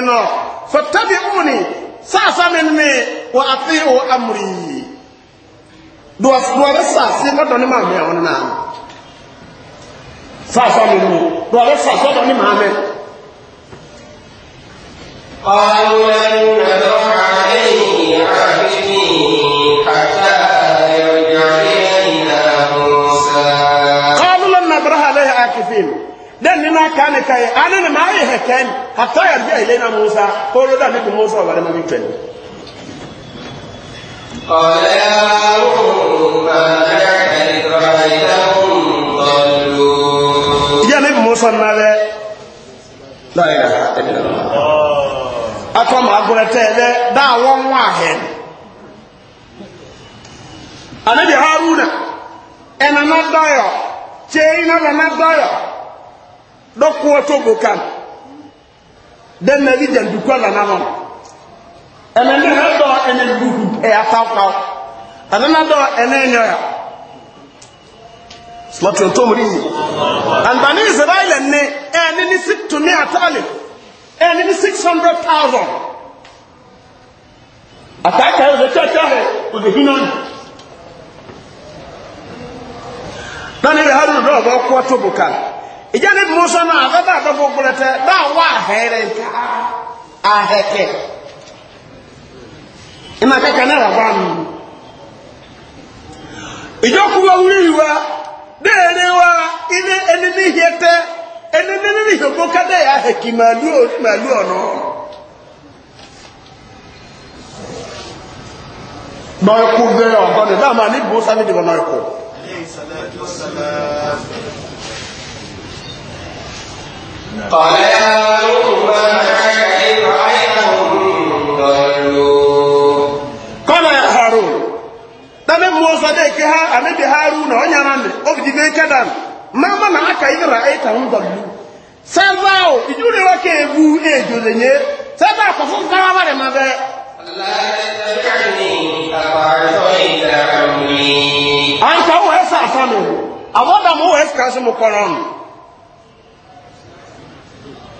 ọmọdé sáàsá mi ni wọ́n àti ìhò amúrí yìí dùwàbẹ́ sáàsí lọ́dọ̀ ní màmí àwọn náà sáàsá mi ni dùwàbẹ́ sáàsí lọ́dọ̀ ní màmí.
ọ̀rọ̀ ẹ̀rọ.
den ni na ka ne kai ane ne mai he ken hatta ya bi ile na musa ko lo da ne bi musa wa da ma bi ken qala ya
umma
ya ne bi musa na le la ilaha illallah akwa ma agure te le da won wa he ane bi haruna enana dayo chei na na dɔkoɔ tó bò kan dɛn na yi jandukɔ lana nɔ ɛnɛ ne hɛ dɔ ɛnɛ duhu ɛyà fáfáw ɛnɛ na dɔ ɛnɛ nyɔya sɔlɔtɔ tó mu riyi anbani israeli ne ɛni ni six to me ataale ɛni ni six hundred thousand ataaka yɛ ɔdɛ kyɛkyɛ hɛ ɔdɛ hinan nani yɛ hali dɔw bɛ kɔ tó bò kan ìjà ní musa náà abẹ́bẹ́ àbẹ́bẹ́ ògbólẹ́tẹ́ náà wà ahẹ́rẹ́ nká ahẹ́kẹ́ ìmọ̀ akẹ́kẹ́ náà rà wà nù. ìjọkùwà wúrí wa déèrè wa ilé ẹni ní ìhìẹ tẹ ẹni ní ní ìhìẹ kó kádẹ́ yà ahẹ́kì màlúù ọ̀nà. nọ̀ọ́kù bẹ́ẹ̀ ọ̀gọ́dẹ̀ dáàmà ní musa ní ìdìbò nọ̀ọ́kù. قال يا لقمان أشعر عينهم ضلوا قال يا هارون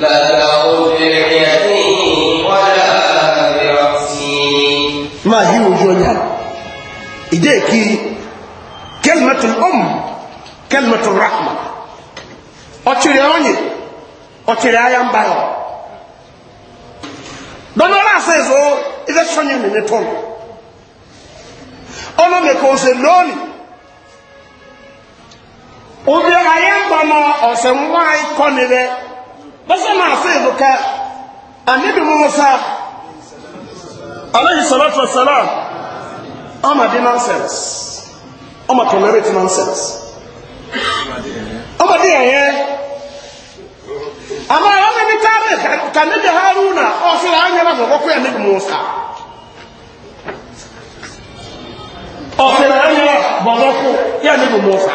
máa yí ojú ọyá ìdé ìkiri kẹlmẹtù ọmọ rahma ọtìrì ọyìn ọtìrì ayambayọ dọ́nọ́lá àṣẹ́zọ́ ilé sọ́yìn nínú tọ́nù ọlọ́mẹ̀kọ́ ọ̀sẹ̀ lónìí obìnrin ayé ń bọ̀ mọ́ ọ̀sẹ̀ mọ́ ikọ́ bẹ́sẹ̀ máa sí ìdúkẹ́ àníbi musa aláyhi salatu ma ọmọ di nonsense ọmọ tolerate nonsense ọmọ di ẹ̀yẹ àmọ́ ọmọ ibi káàrẹ̀ kàníbi haruna ọ̀sẹ̀rẹ̀ anyẹ́rẹ́ àgbọ̀gbọ́kọ́ àníbi musa ọ̀sẹ̀rẹ̀ anyẹ́rẹ́ àgbọ̀gbọ́kọ́ ya àníbi musa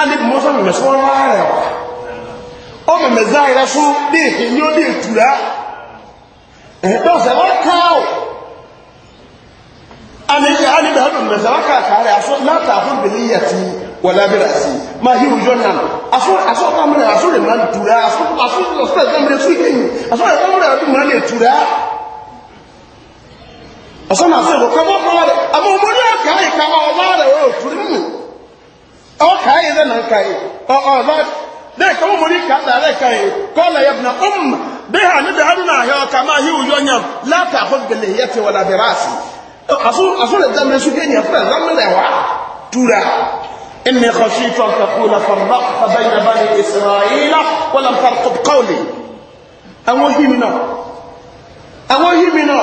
ani mɔsɔn mɛmɛ sɔn laarɛ wa o mɛmɛ zaa yɛrɛ so de enyo de tura ɛhɛ dɔw sɛ wɔn kaa o ani ani bɛ hɛn mɛmɛ zaa kaa kaa yɛ aso n'a ta fo bɛlɛ yɛ ti wala bɛ la si ma hi o jɔn nan aso aso ta mɛnɛ aso de man tura aso aso aso yɛrɛ mɛnɛ fi ke yi aso yɛrɛ mɛnɛ yɛrɛ mɛnɛ de tura aso na se ko kama kama dɛ a ma o mɔ ne yɛrɛ kaa yi kama o b'a yɛrɛ o turi mu ọkà yìí dẹ́nà nkà yìí ọ̀ọ̀bá dẹ́ka wọ́n mọ̀rí kàtà dẹ́ka yìí kọ́lá yẹ bìnà ọ̀m bẹ́hà níbi àdúnà àhẹ́ ọ̀kà máa hí òyọ́ nyàm látà àkọ́gbẹ̀lẹ̀ yẹ ti wọ́n abẹ́rẹ́ àṣì asúlẹ̀ dẹ́mẹ́ na kéènì ẹ̀fẹ́ lámìlẹ̀ wá túra إني خشيت أن تقول فرقت بين بني إسرائيل ولم ترقب قولي أوهمنا أوهمنا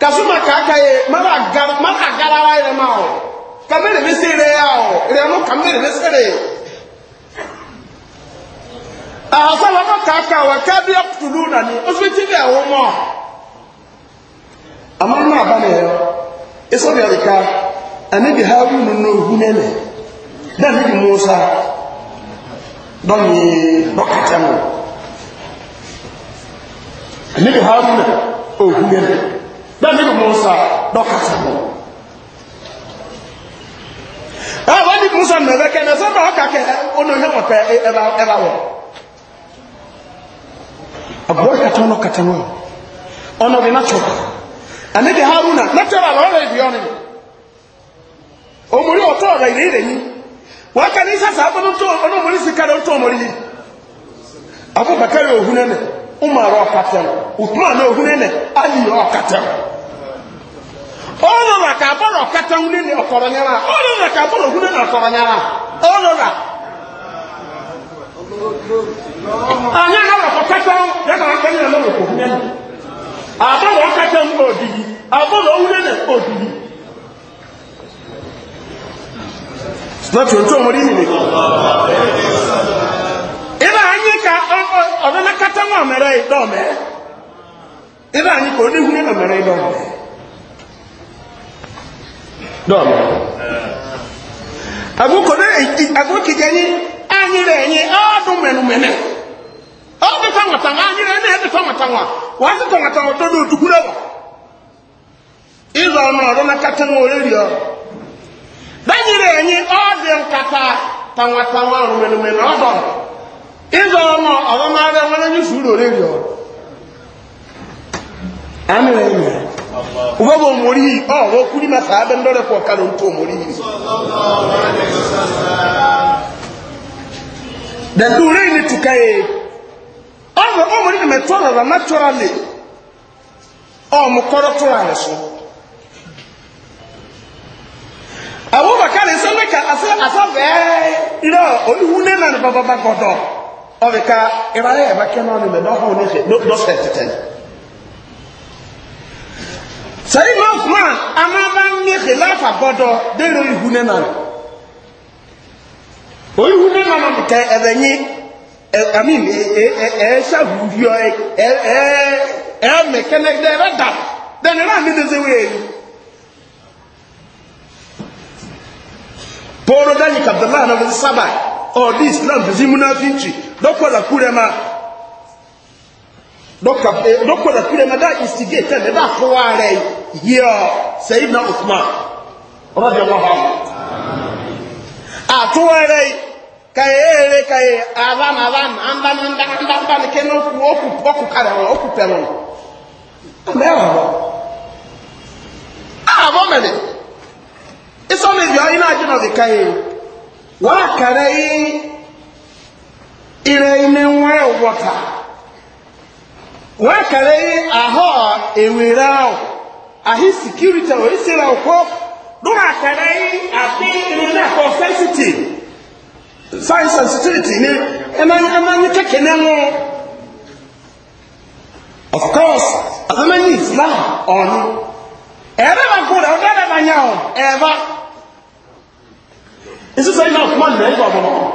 كسوما كاكاي مرة غرارة ما هو kamere bɛ se rɛ awɔ rɛnu kamere bɛ se rɛ ahasala ma kaka wa kabi tulu nani osibiti bɛ ɛwɔ mɔ amadu naa ba ne yɛ esɔbi ɛrika ɛne bi ha wunu n'ohu nɛnɛ dɛ ne bi musa dɔnni dɔkata mu ɛne bi ha wunu ohu nɛnɛ dɛ ne bi musa dɔkata mu. musa mẹrẹ kẹ e, a fẹ bá ọkà kẹ ọnà ọhẹ wọn pẹ ẹ bá ẹ bá wọ. agbọ kata ọnà kata dị ha bi n'atọ anagye haruna ebi ọrịa ọtọ ọrịa ire ire yi waka ni sasa abọdọ ntọ ntọ omori yi abubakar ohun ẹnẹ ọrụ na ka bọrọ kata nwunye na ọkọrọ nyara na ka bọrọ na anya ha kata ya na aka na nwunye na abọrọ kata nwunye odidi abọrọ nwunye na odidi láti ojú anyị ka na nwa mere ịdọ anyị ka onye nwunye na mere ịdọ dɔɔni agogo ne agogo kejì ẹni anyi rẹ ẹni ọdún mẹnumẹnẹ ọdún fanwatawa anyi rẹ ẹni ẹni fanwatawa wàá ti fanwatawa tó do dùkúrẹ wà na kata ń wọlé nkata fanwatawa ọdún ọdọ na uba bo muri oh wo kuri masaba ndore ko kanu nto muri ni dure ni tukaye ovo o muri me tora ra naturally o mu koro tora ne so abubakar sọmẹka asẹ asọfẹ irọ olùwúnẹ náà ní bàbá bá gbọdọ ọbẹ ká ìrọlẹ ẹ bá kẹ náà ní mẹ dọkọ oníṣẹ dọsẹ tẹtẹ. sẹ́yìn náà fún wa a máa bá ń ní xìláfà gbọ́dọ̀ déèrè ihu nínú àná oyihu nínú àná kẹ ẹ̀rẹ̀ yín ẹ̀mí ẹ̀ẹ́sàwù yọ ẹ̀ẹ́mẹ̀ kẹ́nẹ́gẹ́dẹ́ ẹ̀rẹ́ dà dẹ́nu náà wíyẹ yìí. sábà islam bìí múnáfíìtì dọ́kọ̀ọ́dà kúrẹ́ máa. dɔkɔda kure ma da istige tɛ mɛ da fɔ waara yi yɔ na usman rɔdi ɔmɔ hɔn a to waara ka ye ere ka ye aban aban oku oku kari a bɔ mɛ de jɔ de ka ye wakare ahụ ewere ahụ ahị sikiriti ahụ esiri akwụkwọ dụrụ akara adị na akọ sensiti sayi sensitivity ne ẹmanyi kẹkẹ ní of course ẹmanyi islam ọ̀nù ẹ̀rọ bá kú rẹ̀ ọ̀gá rẹ̀ bá ebe. ọ̀ ẹ̀bá na yìí na kúmọ̀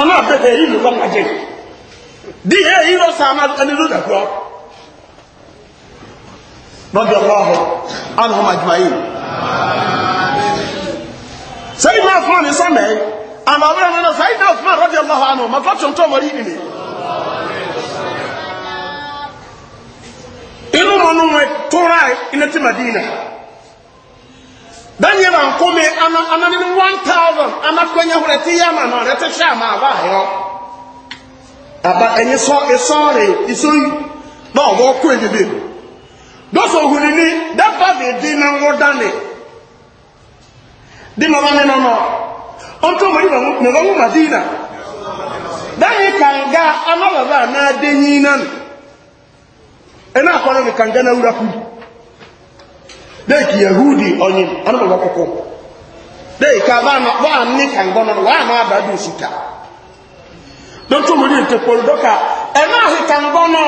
ọmọ àfẹ́fẹ́ yìí ló kọ́kọ́ jẹ́ bí ẹ yìí lọ sàmà ẹni ló dàgbọ́ lọ́dọ̀ ọlọ́họ̀ anahum ajumayi sẹ́yìn náà fún ọ̀nì sọ́mẹ̀ àmà ọ̀rẹ́ ọ̀nà sẹ́yìn náà fún ọ̀rọ̀dẹ̀ ọlọ́họ̀ anahum afọ́tún tó mọ̀rí ìnì inú mọ̀nú wọn tó rà ẹni tí madina daniel nkome anani one thousand na ɔrɛte hyɛ ama aba ahɛ aba ɛnyɛ sɔ esɔɔre esɔyi na ɔbɔ kɔ ebebe dɔsɔ ohunini dapa de di na na ɔbani nɔnɔ ɔntɔn mo yi na mo na ɔbɔ madina na adenyi na na awura deki yahudi onye anụmanụ ọkụkụ deki waanị ka ngọnọ waanị abadị osika dọtụ mmiri nke kwuru dọka eme ahụ ka ngọnọ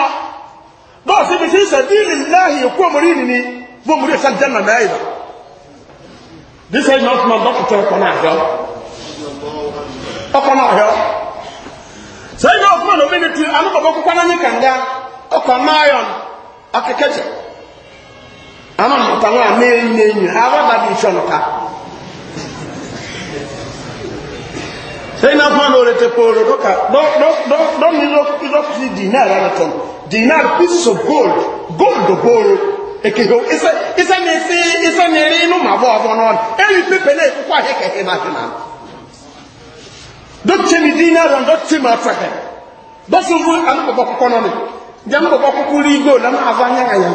dọọsị bụ sị sị dịịrị lahi ekwu omori nini bụ omori ịsa njem na mee ịba dịsa ịna ọtụma dọkịta ọkọ na-ahịọ ọkọ na-ahịọ sị ịna ọtụma na obi na-etu anụmanụ ọkụkụ n'anyị ka nga ọkọ mayọn akịkịtị ama mụta nwa mmiri na-enyo ha na dị iche ọnụka sẹ́yìn náà fún àwọn olóòtú pòòrò lọ́kà lọ́mí lọ́kùsí dinar rẹ̀tọ̀n dinar pieces of gold gold pòòrò èkèhò ìsẹ́ni rí inú ma bụ náà ẹ̀rí pépè náà ìkókó àhẹ́kẹ̀ẹ́ máa fi náà na mi dinar ni ya.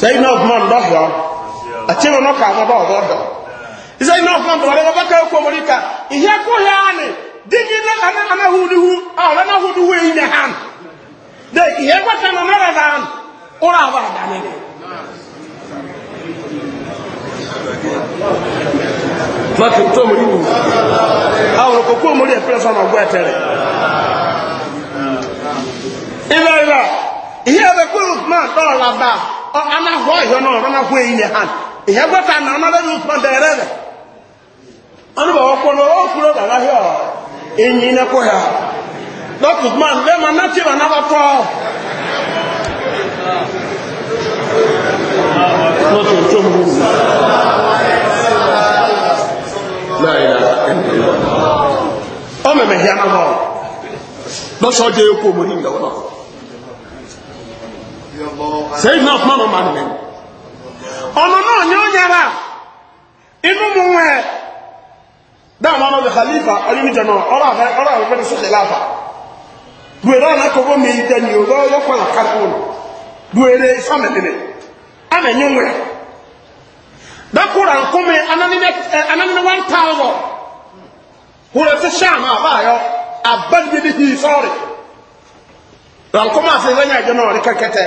sẹ́yìn náà fún ọ̀dọ́ fún ọ àti ìrònú kà àwọn ọba ọ̀dọ́ dọ̀ sẹ́yìn náà fún ọ̀dọ́ ọba kẹ́ ẹ̀kọ́ mọ̀rí ká ìyá kó yá ni dígí anáhùnihu àwọn anáhùnihu èyí ni hàn dẹ ìyá kó tẹ̀ nínú rẹ̀ dàn ọ̀rọ̀ àwọn àdáni. Láti tó mú ìwù, àwọn òkòkò mú rí ẹ̀pẹ́rẹ́ sọ́nà ọgbọ́ ẹ̀tẹ̀rẹ̀. Ibẹ̀ ibẹ̀, ìyá ẹ̀bẹ̀ kúrò máa dọ́ọ̀lá dáa anahɔ ɛhɛ no ɔbɛn ahɔ eyi ne han ɛhɛ gbɛta na ɔna bɛ nufɔ dɛrɛ bɛ ɔno bɛ ɔkɔ no ɔkuro da na hɛ ɔ enyi ne ko hɛ dɔkta man bɛ ma nati ma na ba tɔ. ɔmɛmɛ hɛ na hɔ lɔsɔ de ko mo ni nga wɔn sẹ́yìn náà fún ọmọ màmí ọ̀nà náà ní inú mu wẹ̀ dáhùn máa lọ́dọ̀ khalifa ọ̀yẹ́nìjọ náà ọ̀rọ̀ àfẹ́ ọ̀rọ̀ àfẹ́ fẹ́ẹ́ sọ̀tẹ̀ ọ duwere ọ̀nà kọ̀wọ́ mi ìjẹ́ ni ọ̀rọ̀ ọ̀yọ́kọ̀ àkàkọ́ ọ̀nà duwere sọ́mẹ̀tẹ̀lẹ̀ dakura nkume one thousand wúlò ti sọ́ọ̀rì nkume ìwé kẹ́kẹ́tẹ́.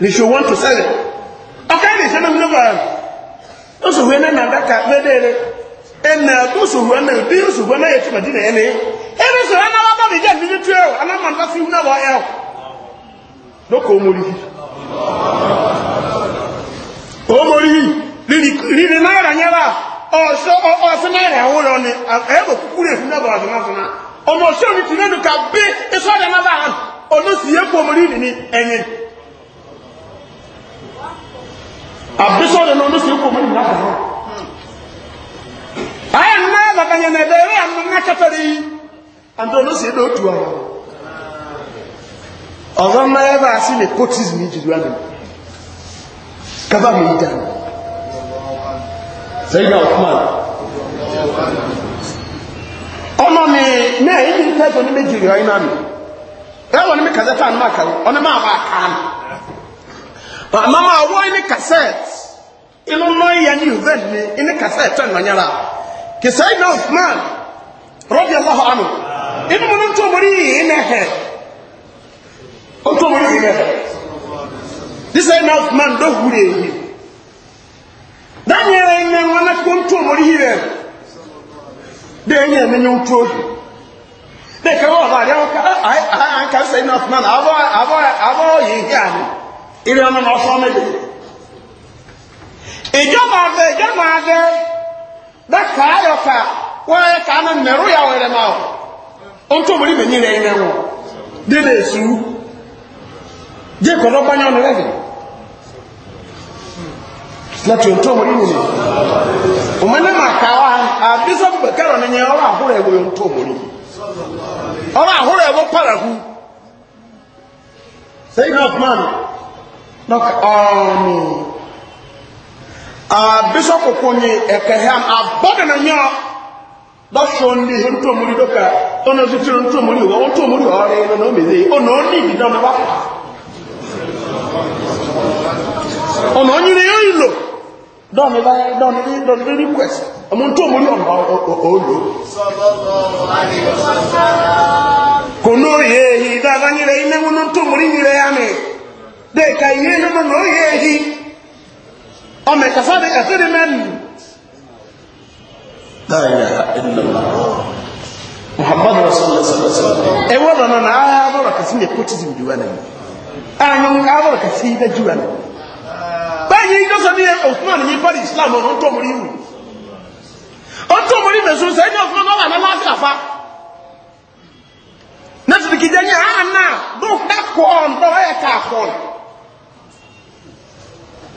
they should want to sell it ọ̀ká ẹ̀rẹ̀ ìṣẹ́ lómi lọ́gbà rẹ̀ ó sòwò ẹ̀nà náà dáka lédèrè ẹ̀nà tó sòwò ẹ̀nà bí ó sòwò ẹ̀nà ètò ìbàdí nìyẹn nìyẹn ẹ̀rẹ̀ sòwò ẹ̀nà wọn bá mi jẹ́ ìdíjú tó ẹ̀rọ aláma nípa fi náà wọ́ọ́ ẹ̀rọ lókò omori yìí omori yìí rírì náírà yẹn wà ọ̀ṣọ́ ọ̀ṣọ́ náírà ẹ̀wọ̀n rẹ̀ ni ẹ̀rọ kúkúrú èfún náà bọ̀rọ̀ ọ̀ṣọ́ náà ọmọ abisɔre na ɔno si ekɔ mu nyinaa kɔ hɔ ayɛ nnan lakanya na ɛdɛ ɛyɛ anan na kɛfɛre yi ante ɔno si ɛdɛ otu ahɔ ɔzɔ mmanya baa si ne potism yi jiri wani kaba mi yi da no sɛyi na ɔkuma ɔnɔ mi na ɛyi ni ntɛ do ne mi jiri ɔyina mi ɛwɔ ne mi kaza taa ne ma kaza ɔne ma ba kaa no mama awɔ ne kasɛt inu nɔn yɛ ni uvɛn ni ne kasɛt tɛ nɔnyala kisɛ ina usman rɔbi alahu anu inu mu ne ntomori yi ne hɛ ntomori yi ne hɛ kisɛ ina usman do hure yi danyɛ ne ŋmana ko ntomori yi rɛ de yɛ ne nyɛ ntuo yi de kɛ wɔ ba de an ka an ka sɛ ina usman abɔ abɔ abɔ yi hɛ ani. ilé ọmọ náà fún mi dìde ịjọ ma ìjọba àgbẹ dákà ayọkà wọn yẹ ká were o tó wọlé mẹyìn rẹ yẹn wọn dédé èsù jẹ kọdọ gbanyọ ọmọ rẹ fẹ láti ohun tó wọlé nìyẹn ọmọ náà máa kà wá àbísọ́bù bẹ̀kẹ́rọ nìyẹn ọrọ̀ àhúrò ẹ̀wọ̀ dɔk ɔɔmi aa bisɔpu kunyi ɛkɛhɛm abɔdana nyɔ dɔsɔn ni ho ntomori dɔka ɔna sotiri ntomori wɔ ntomori ɔre ɔna omeze ɔna ɔni dida ɔna no, ɔna ɔnyere yɛn lo dɔni ba dɔni bi dɔni bi request ɔmo ntomori ɔna ɔlo kono yehi dada nyere yi nɛmu ntomori nyere yami de ka yi no mo no ye hi o me ka sa de ka sire men
la ilaha illa allah muhammad rasulullah sallallahu alaihi
e wala na na ha bo ka sin ye ko ti juwa na ni a no ka bo ka si da juwa na ba yi do so ni e osman ni pari islam o o to mo ri me so se ni osman no wa na ma na do ka ko on do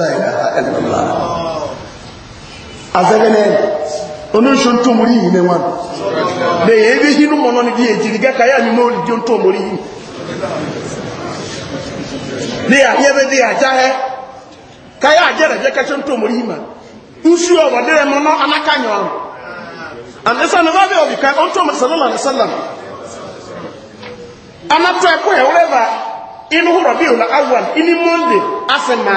لا onye إلا الله
أزغنين oníṣun tó mú yìí ní wọn lè yẹ bí inú mọ̀nà níbi èjìrí gẹ́ka yá mi mọ́ olùdí tó mú yìí ní àyẹ́bẹ́ bí àjá ẹ́ káyá àjẹ́rẹ̀ jẹ́ kẹ́ṣẹ́ tó mú yìí mà ń ọ̀rùn and ẹsẹ̀ ní bẹ̀ ọ̀bì ó tó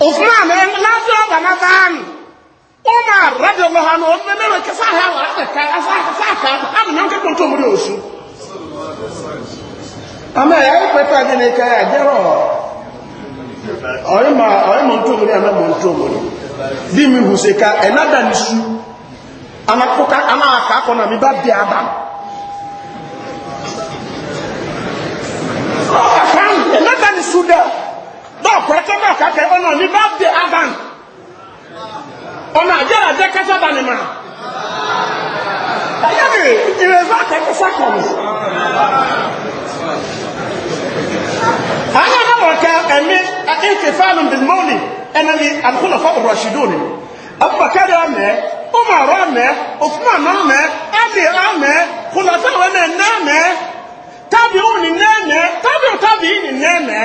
Uthman eh, eh, eh, na ọ̀gbàmáta oh, ni Umar rẹ́díò lọ́ha ní ọdún mẹ́rin kí sáà wà áfẹ́ká áfẹ́ká ábùnà ń kékeré tó mú ní oṣù. Àmọ́ ẹ̀yà ó pẹ́ta jẹ́ ní A jẹ́rọ̀ ọ̀rìmọ̀ ọ̀rìmọ̀ tó mú ní àná mọ̀ tó mú ní. mi su mi kan su ọ̀kọ̀ẹ́tọ́ náà kàkẹ́ ọ̀nà ní bá dé adam ọ̀nà àjẹ́rà jẹ́ kẹ́sàbà ni mà ayẹ́rì ìrẹ̀sà kẹ́kẹ́ sákọ̀mù àwọn ọ̀nàmọ̀ kẹ ẹ̀mí ẹ̀kẹ́ fáàlù bìlmọ́ọ̀lì ẹ̀nà ni àlùkùnàfọ́ ọ̀rọ̀ àṣìdó ni abubakar amẹ́ umar amẹ́ ofumanu amẹ́ ali amẹ́ kùnàfẹ́ wẹ́nẹ̀ nẹ́ẹ̀mẹ́ tábìlì ní nẹ́ẹ̀mẹ́ tabi tábìlì ní nẹ́ẹ̀mẹ́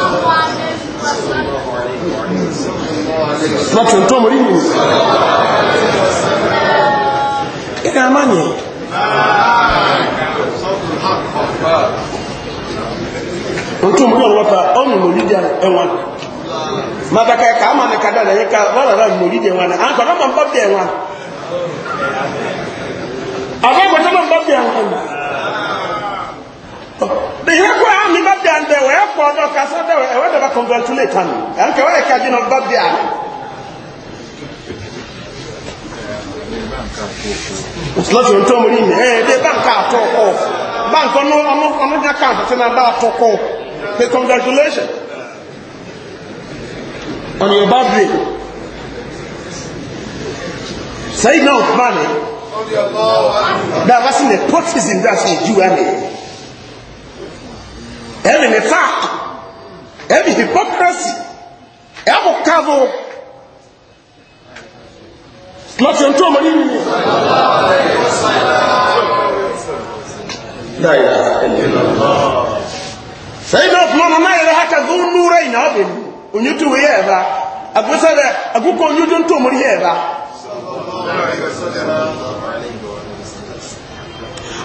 láti ohun tó mọ̀ rí mi ẹ̀rẹ́ amáyẹ̀ ohun tó mọ̀ rí ọ̀rọ̀ta ọmọ mòlídìí ẹwà mabaka ka ama ne kada na yeka wala na mòlídìí ẹwà na àǹkọ̀ náà mọ̀ bọ́bí ẹwà àwọn ọmọ tó mọ̀ bọ́bí ẹwà bihi kɔ ami babi an dɛ wɛ kɔ dɔ kasa dɛ wɛ ɛwɛ dɛbɛ congratulate ami ɛnkɛ wɛ ka gyina babi ami. Ìsìlọ́sì ohun tó mú rí ní ẹ̀ẹ́dẹ́ báńkà àtọ́kọ́. Báńkà ọmọdé kan àti náà bá àtọ́kọ́. Pé congratulation on your birthday. Say no, man. That wasn't a potism that's a Jew, I mean ɛne ne faako ɛne hypocrisy ɛho kavo lọtọ ntọ ọmọ nínú ni. sẹ́yìn náà fún ọmọ náà yẹrẹ haka tó ń lúra yìí náà bẹ̀rù onye tó yẹ ẹ̀bá agbésẹ́rẹ́ akókò onye tó ń tó mọ̀rí yẹ ẹ̀bá.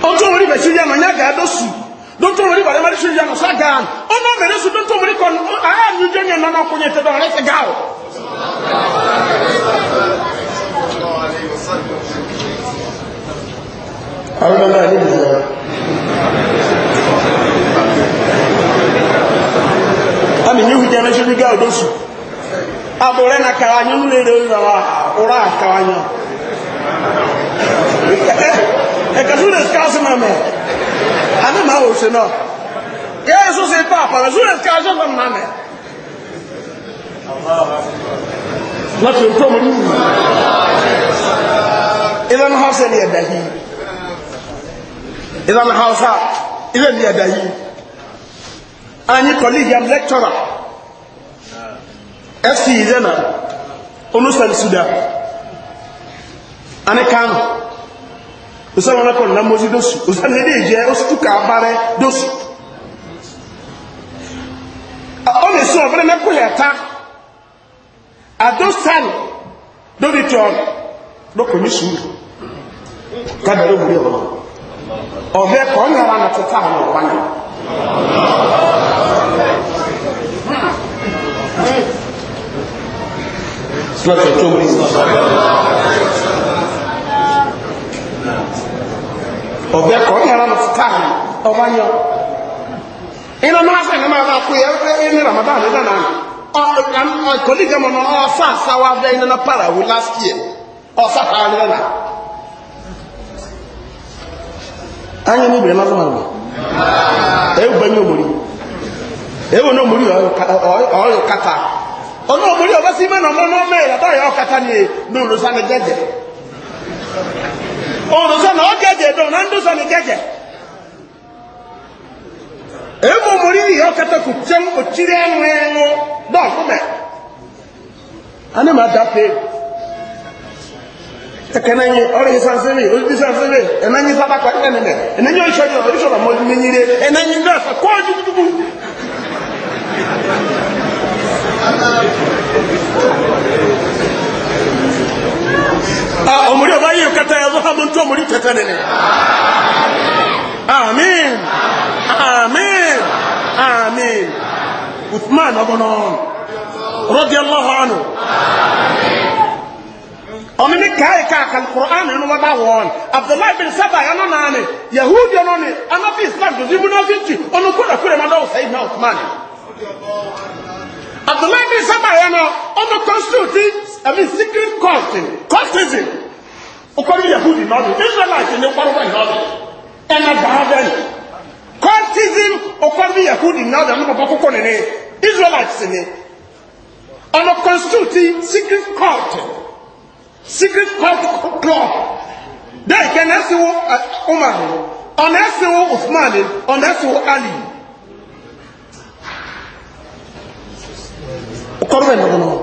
ọjọ́ orí bẹ̀ sí yẹn mọ̀ nyá gàdọ́ sùn donto mori bare mari shi yano sagan ono mere su donto mori kon aya nyu jenye nana kunye te dore se gao Awo na ni bi ya. Ami nyu hu jana shi gao dosu. Abore na kara nyu le le ra wa ora kara nyu. Eka su le skasa na me ana ma wo se no ye so se pa pa so le ka so ma ma me na ti to mo ni idan hausa ne da hi idan hausa idan ne da hi anyi colleague am lecturer fc zena onu san sudan ane kanu osama na kɔn nam ozi dosu osama ɛdi edzɛ osutu ka abarɛ dosu ɔne so ɔbɛrɛ n'ɛkò yɛ ta adosan dodi tɔn dɔkɔ mi suuru kada yɛ wuli ɔlɔ ɔbɛ kɔn yara na tata ɔlɔ wani. Sọ́tọ̀ tó wọ́n. ọbẹ̀ kọ́ ní ẹran táàmù ọba yọ iná máa fẹ́ ní máa bá kú yẹ ẹ ní ramadan ní dáná kòlíkà mọ̀ náà ọ̀sá sáwá bẹ́ iná náà last year ní dáná. anya ní ní kata sí ni ní ọ̀rọ̀ sọ́nà ọ jẹ́jẹ́ dùn náà ń dùn sọ́nà jẹ́jẹ́ èèmù mòrí yìí ọkẹta kò tẹ́ òtírí ẹnu ẹnu dọ́ọ̀kúnmẹ̀ a ní máa dápé ẹkẹnẹyìn ọrọ yìí sánsẹ́lẹ̀ olùdí sánsẹ́lẹ̀ ẹnẹyìn sábà pàtó ẹnẹmẹ ẹnẹyìn ìṣọ́jọ ìṣọ́jọ mọ́ ọdún yìí rẹ ẹnẹyìn náà kọ́ ọdún dúdú Ah, omuli obayo kata yazoha muntu omuli tetanene amin amin amin uthman obonon radiallahu anhu ɔmene kae kaa kalquran no wɔda wɔn abdullah bin saba ɛno naane yahudi no ne ana fi islam dosi mu no afinti ɔno kodakore ma uthman abdullahi bin saba yẹn nọ ọmọ constitute i mean secret cult cultism ọkọrin yahudi nọdún israelite ní ọkọrin wẹ̀yìn nọdún ẹnna bàbẹ́ni cultism ọkọrin yahudi nọdún ọmọ bàbá kókó nìní israelite sì ni ọmọ constitute secret cult secret cult club They can ẹ̀sìn wo ọmọ àhùn ọ̀nà ẹ̀sìn wo usman ọ̀nà ẹ̀sìn ali. ọtọrọ ẹ̀ lọ́wọ́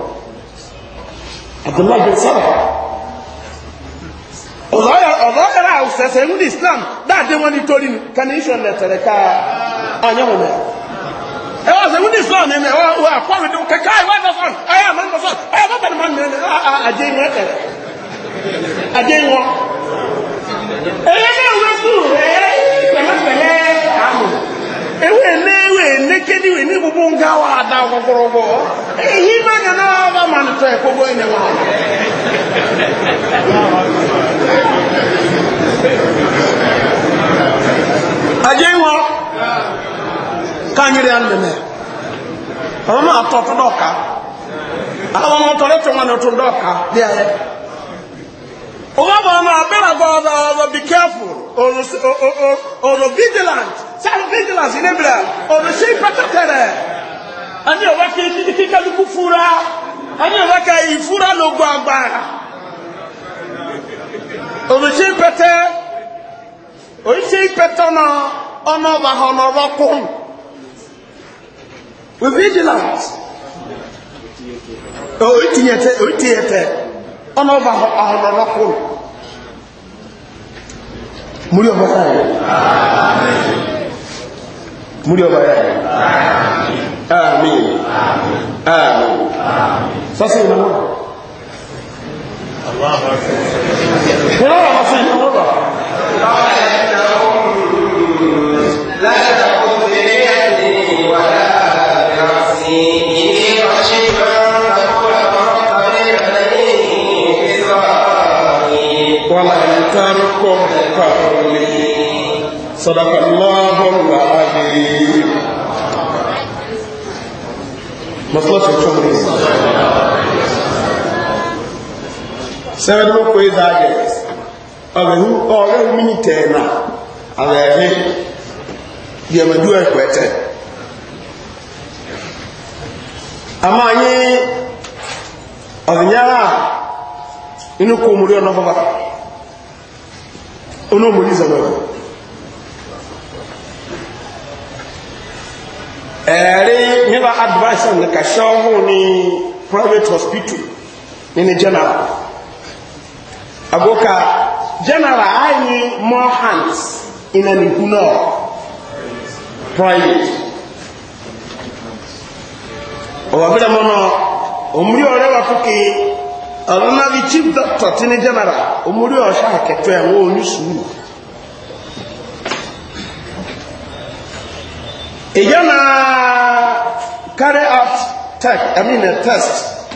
abdullahi bin sábà ọ̀rọ̀ yẹra àwùsẹ̀sẹ̀ ń di islam dáadé wọn nítorí ni kanishan lẹ́tẹ̀rẹ̀ ká anyahun mẹ́ ẹ wá sẹ ń di islam ní ẹ wá àkọ́rin tó kẹkẹ ẹ wá ẹ̀fọ́n ẹ yà máa ń bọ̀sọ̀ ẹ yà bàbá ni máa ń mẹ́rin àjẹ́ ìwọ̀n ẹ̀tẹ̀rẹ̀ àjẹ́ ìwọ̀n ẹ̀yẹ́ náà wọ́n sùn ẹ̀yẹ́ pẹ̀lẹ́pẹ̀lẹ́ ewe na ewe ne kedi we ni bubu nga wa da gogorogo ehi na nya na ba man to e kogo ene wa aje wo kanyire an me ama to to doka awa mo to le to wan to doka dia e o ba ba na abera go ba be careful ọ̀rọ̀ vigilant sáré vigilance ní mìíràn ọ̀rọ̀ ṣe pẹ́tẹ́tẹ̀rẹ̀ ẹni ọ̀wá kíkálukú fúra ẹni ọ̀wá ká ìfúra ló gbọ́ agbára ọ̀rọ̀ ṣe pẹ́tẹ́ oríṣi pẹ́tẹ́ náà ọmọ ọba ọmọ ọba kún vigilant oríṣi yẹtẹ ọmọ ọba ọmọ ọba kún múrí ọba yáà rẹ̀ múrí ọba yáà rẹ̀ àmín àmín sọ́sí ìnáwó wọ́n wọ́n wọ́n sí ìnáwó
صدق الله العظيم
مصلحة الشمري sẹ́wẹ́n tó kó ìdá jẹ ọ̀rẹ́hù ọ̀rẹ́hù mini tẹ̀ẹ̀nà àrẹ̀hẹ́ yẹ̀mẹ̀dú ẹ̀kọ́ ẹ̀tẹ̀ àmọ́ ayé ọ̀rẹ́nyára inú kó omori ọ̀nà bọ́bá onú omori ìzọ̀rọ̀ ẹ̀kọ́ ẹ̀rí nípa advice and kàṣẹ́ ọ̀hún ní private hospital ni ni general agoka general ayi more hands in an ikunọ private ọ̀wà bílẹ̀ mọ́ náà òmúrí ọ̀rẹ́ wà fúkè ọ̀rọ̀ chief doctor tí ní general òmúrí ọ̀ṣà kẹtọ́ ẹ̀wọ̀n oníṣùúrù Again, carry out tech, I mean a test.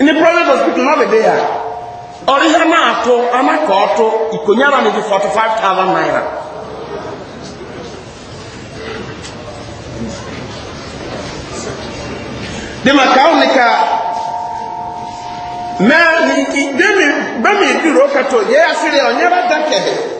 In the private hospital, not a day. Or is an auto, an ni Ikunyara forty five thousand naira. The Macaunica, man, they may be Rokato, yes, they are never that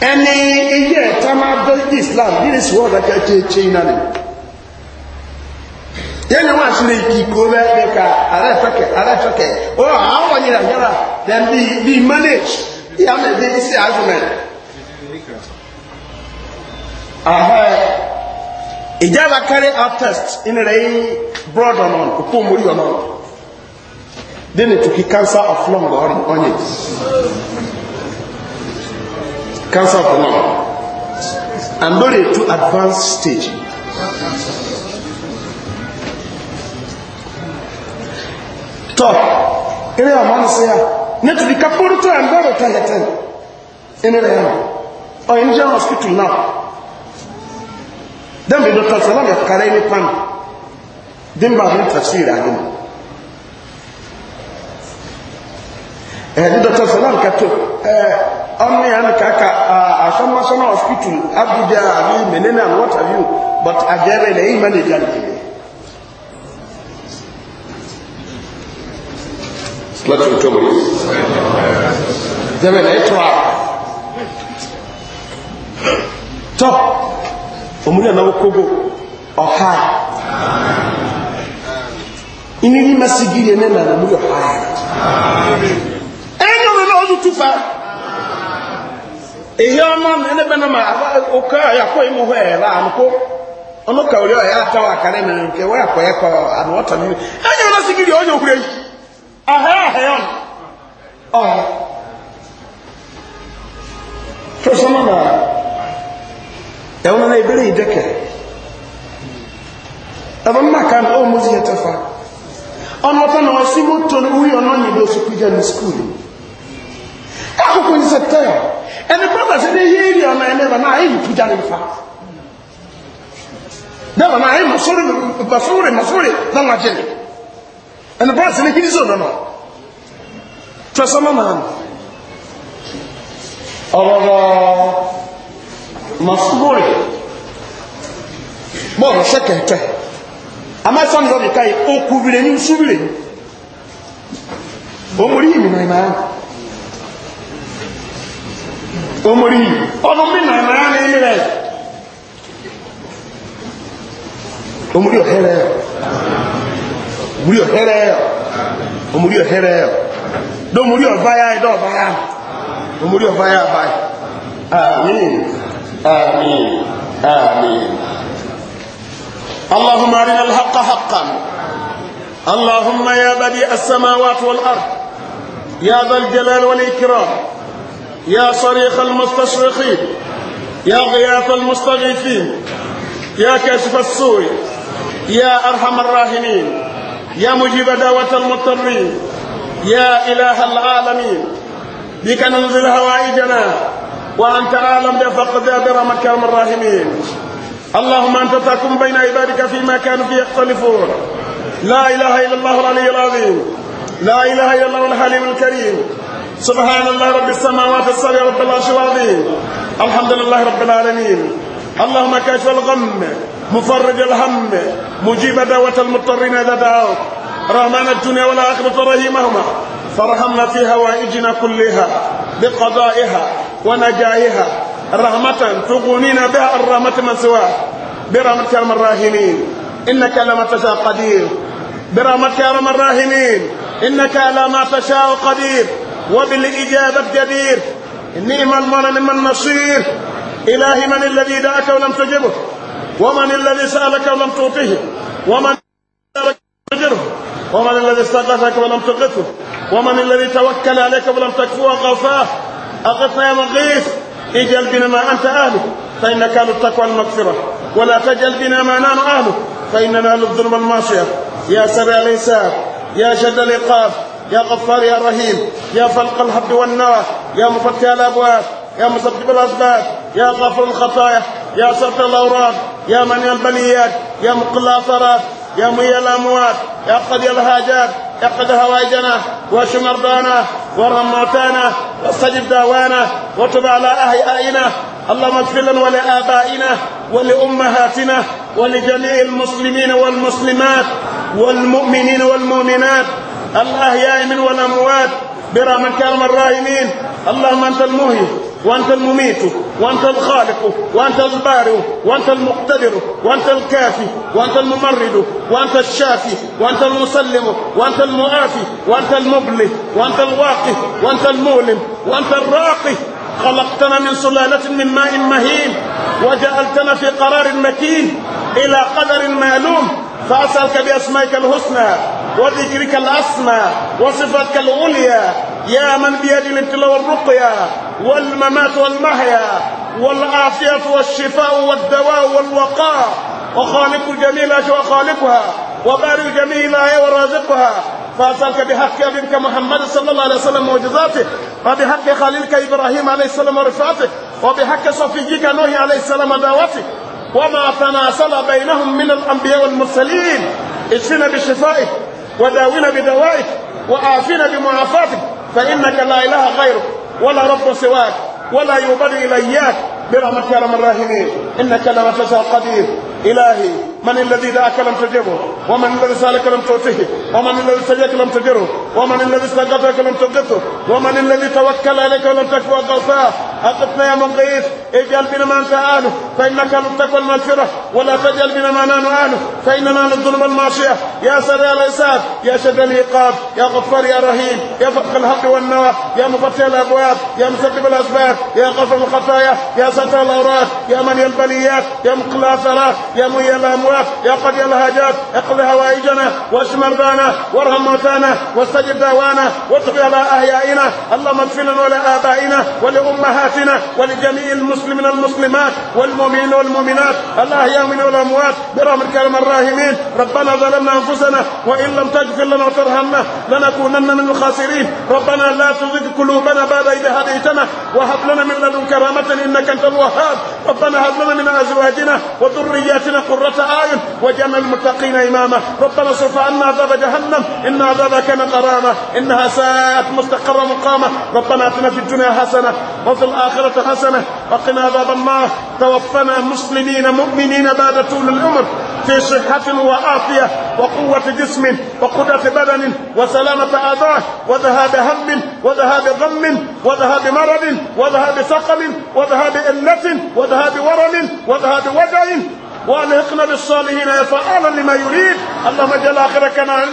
ẹni ilé ẹ̀ta máa bẹ́ẹ̀dì islam nílé sí wọ́n dájá jẹ́ ṣe iná ni yẹ́nà wọ́n sí lè kí kó bẹ́ẹ̀ ní ká arẹ́fẹ́kẹ́ arẹ́fẹ́kẹ́ ó àwọn ọ̀nyìn àjára then be be manage yà mẹ́ bí sí argument. ìjábà carry out test inú rẹ̀ yí broad ọ̀nà òpó mórí ọ̀nà dínì tukí cancer of lung ọ̀rìn ọ̀nyìn cancer of the lung and not a too advanced stage. tọ́ eré ọmọ ní sí ya nítorí kapúrú tó ẹ̀ ń bẹ̀rẹ̀ tẹ̀lẹ̀tẹ̀ ẹni rẹ̀ yẹn ọ yẹn jẹ́ hospital now dẹ́nbi dr salam ẹ̀kárẹ́ ní pan dẹ́nbi àwọn ìtàkì ìrà yẹn. ẹni eh, dr salam kato ẹ ọmọ yẹn kaka asọmọsọmọ ah, ah, hospital abuja àbí menene and what have you but àjẹrẹ lẹyìn manager nìyẹn.
láti ọjọ́ mọ̀ yìí
jẹ́bẹ̀ lẹ́yìn tó a tọ́ òmùdí ànáwó kógó ọ̀ha ìnírí mẹ́sìgìrì ẹ̀ náà lòmùdí ọ̀ha yẹn. enyere na ọdụ tụfa ihe ọma na na ma oke ọhịa kwọ ime hụ ere anụkwụ ọnụ ka ori ya atawa akara emere nke wee akwa ya ka mmiri e na sigiri onye okwure yi ahịa ahịa ọnụ tụsọmọ na ẹwọn e na ẹbọn na ọnụ na ọsị kakoko yi sɛ tɛ ɛni pata si de ye eri ɔna ɛni ɛna ayi yi tuja ne fa dɛbɛ na ayi masori masori masori na ŋa jɛ ne ɛni pata si ne kiri so nɔnɔ tɔ sama na ano ɔrɔrɔ masori bɔɔlɔ sɛ kɛntɛ ama sani dɔ de ka yi okubire ni nsubire omori yi nyina yi na yi omori ọdún mínà náà ní ilẹ̀ omori ọ̀hẹ́rẹ́ ẹ̀ omori ọ̀hẹ́rẹ́ ẹ̀ omori ọ̀hẹ́rẹ́ ẹ̀ dómori ọ̀báyá ẹ̀dọ́ ọ̀báyá omori ọ̀báyá báyìí àmín àmín àmín اللهم أرنا الحق حقا اللهم يا بديع السماوات والأرض يا ذا الجلال والإكرام يا صريخ المستصرخين يا غياث المستغيثين يا كاشف السوء يا أرحم الراحمين يا مجيب دعوة المضطرين يا إله العالمين بك ننزل هوائجنا وأنت عالم بفقد برمك مكرم الراحمين اللهم أنت تكون بين عبادك فيما كانوا فيه يختلفون لا إله إلا الله العلي العظيم لا إله إلا الله الحليم الكريم سبحان الله رب السماوات السبع رب العرش العظيم الحمد لله رب العالمين اللهم كاشف الغم مفرج الهم مجيب دعوة المضطرين إذا دعوا رحمن الدنيا والآخرة رحيمهما فارحمنا في هوائجنا كلها بقضائها ونجائها رحمة تغنينا بها الرحمة من سواه برحمة يا الراحمين إنك لما تشاء قدير برحمة يا الراحمين إنك لما تشاء قدير وبالإجابة جدير إني من من من نصير إلهي من الذي دعك ولم تجبه ومن الذي سألك ولم تعطيه ومن تجره ومن الذي استغفرك ولم تغثه ومن الذي توكل عليك ولم تكفوه غفاه أغفنا يا مغيث اجل بنا ما أنت أهله فإنك أهل التقوى المغفرة ولا تجل بنا ما نحن أهله فإننا أهل الظلم المعصية يا سريع الإنسان يا شد العقاب يا غفار يا رحيم يا فلق الحب والنار يا مفتح الأبواب يا مسبب الأسباب يا غافر الخطايا يا سرق الأوراق يا من البليات يا مقل الأثرات يا مي الأموات يا قضي الهاجات اقض هوائجنا واشف مرضانا ورماتانا واستجب دعوانا وتب على احيائنا اللهم اغفر لنا ولابائنا ولامهاتنا ولجميع المسلمين والمسلمات والمؤمنين والمؤمنات الأحياء من والأموات برحمة كرم الراحمين اللهم أنت المهي وأنت المميت وأنت الخالق وأنت البارئ وأنت المقتدر وأنت الكافي وأنت الممرد وأنت الشافي وأنت المسلم وأنت المؤافي وأنت المبلي وأنت الواقي وأنت المؤلم وأنت الراقي خلقتنا من سلالة من ماء مهين وجعلتنا في قرار متين إلى قدر معلوم فأسألك بأسمائك الحسنى وذكرك الأسمى وصفاتك العليا يا من بيد الابتلاء والرقيا والممات والمحيا والعافية والشفاء والدواء والوقاء وخالق جميع وخالقها وبارك جميع الآية ورازقها فأسألك بحق أبيك محمد صلى الله عليه وسلم معجزاته وبحق خليلك إبراهيم عليه السلام ورفعته وبحق صفيك نوح عليه السلام دعوته وما تناسل بينهم من الأنبياء والمرسلين اشفنا بشفائه وداونا بدوائك وآفنا بمعافاتك فإنك لا إله غيرك ولا رب سواك ولا يبدل إليك برحمتك يا رب الراحمين إنك لما تشاء قدير إلهي من الذي ذاك لم تجبه ومن الذي سألك لم تعطه ومن الذي سجك لم تجره ومن الذي استغفرك لم تغفره ومن الذي توكل عليك ولم تكفو غفاه أقتنا يا من منقيس اجعل بنا ما أنت آله فإنك التقوى المغفرة ولا تجعل بنا ما نحن آله فإننا الظلم الماشيه يا سريع العساب يا شد الايقاف يا غفار يا رحيم يا فتح الحق والنوى يا مفتح الأبواب يا مسبب الأسباب يا غفر الخطايا يا ستر الأوراق يا من البليات يا مقلاصرات يا مي الأموال الأوقاف يا قضي الهاجات اقضي هوائجنا واشف مرضانا وارحم موتانا واستجب دعوانا واطف على أحيائنا اللهم اغفر لنا ولآبائنا ولأمهاتنا ولجميع المسلمين المسلمات والمؤمنين والمؤمنات الأحياء من والأموات برحمتك يا الراحمين ربنا ظلمنا أنفسنا وإن لم تغفر لنا وترحمنا لنكونن من الخاسرين ربنا لا تزغ قلوبنا بعد إذ هديتنا وهب لنا من لدنك رحمة إنك أنت الوهاب ربنا هب لنا من أزواجنا وذرياتنا قرة خائف وجعل المتقين إماما ربنا اصرف عنا عذاب جهنم إن عذابها كان غرامة إنها ساءت مستقرة مقامة ربنا آتنا في الدنيا حسنة وفي الآخرة حسنة وقنا عذاب النار توفنا مسلمين مؤمنين بعد طول العمر في صحة وعافية وقوة جسم وقدرة بدن وسلامة أعضاء وذهاب هم وذهاب غم وذهاب مرض وذهاب سقم وذهاب إلة وذهاب ورم وذهاب وجع والحقنا بالصالحين فعالا لما يريد اللهم اجعل اخر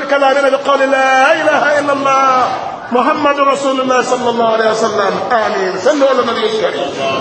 كلامنا بقول لا اله الا الله محمد رسول الله صلى الله عليه وسلم امين صلوا على النبي الكريم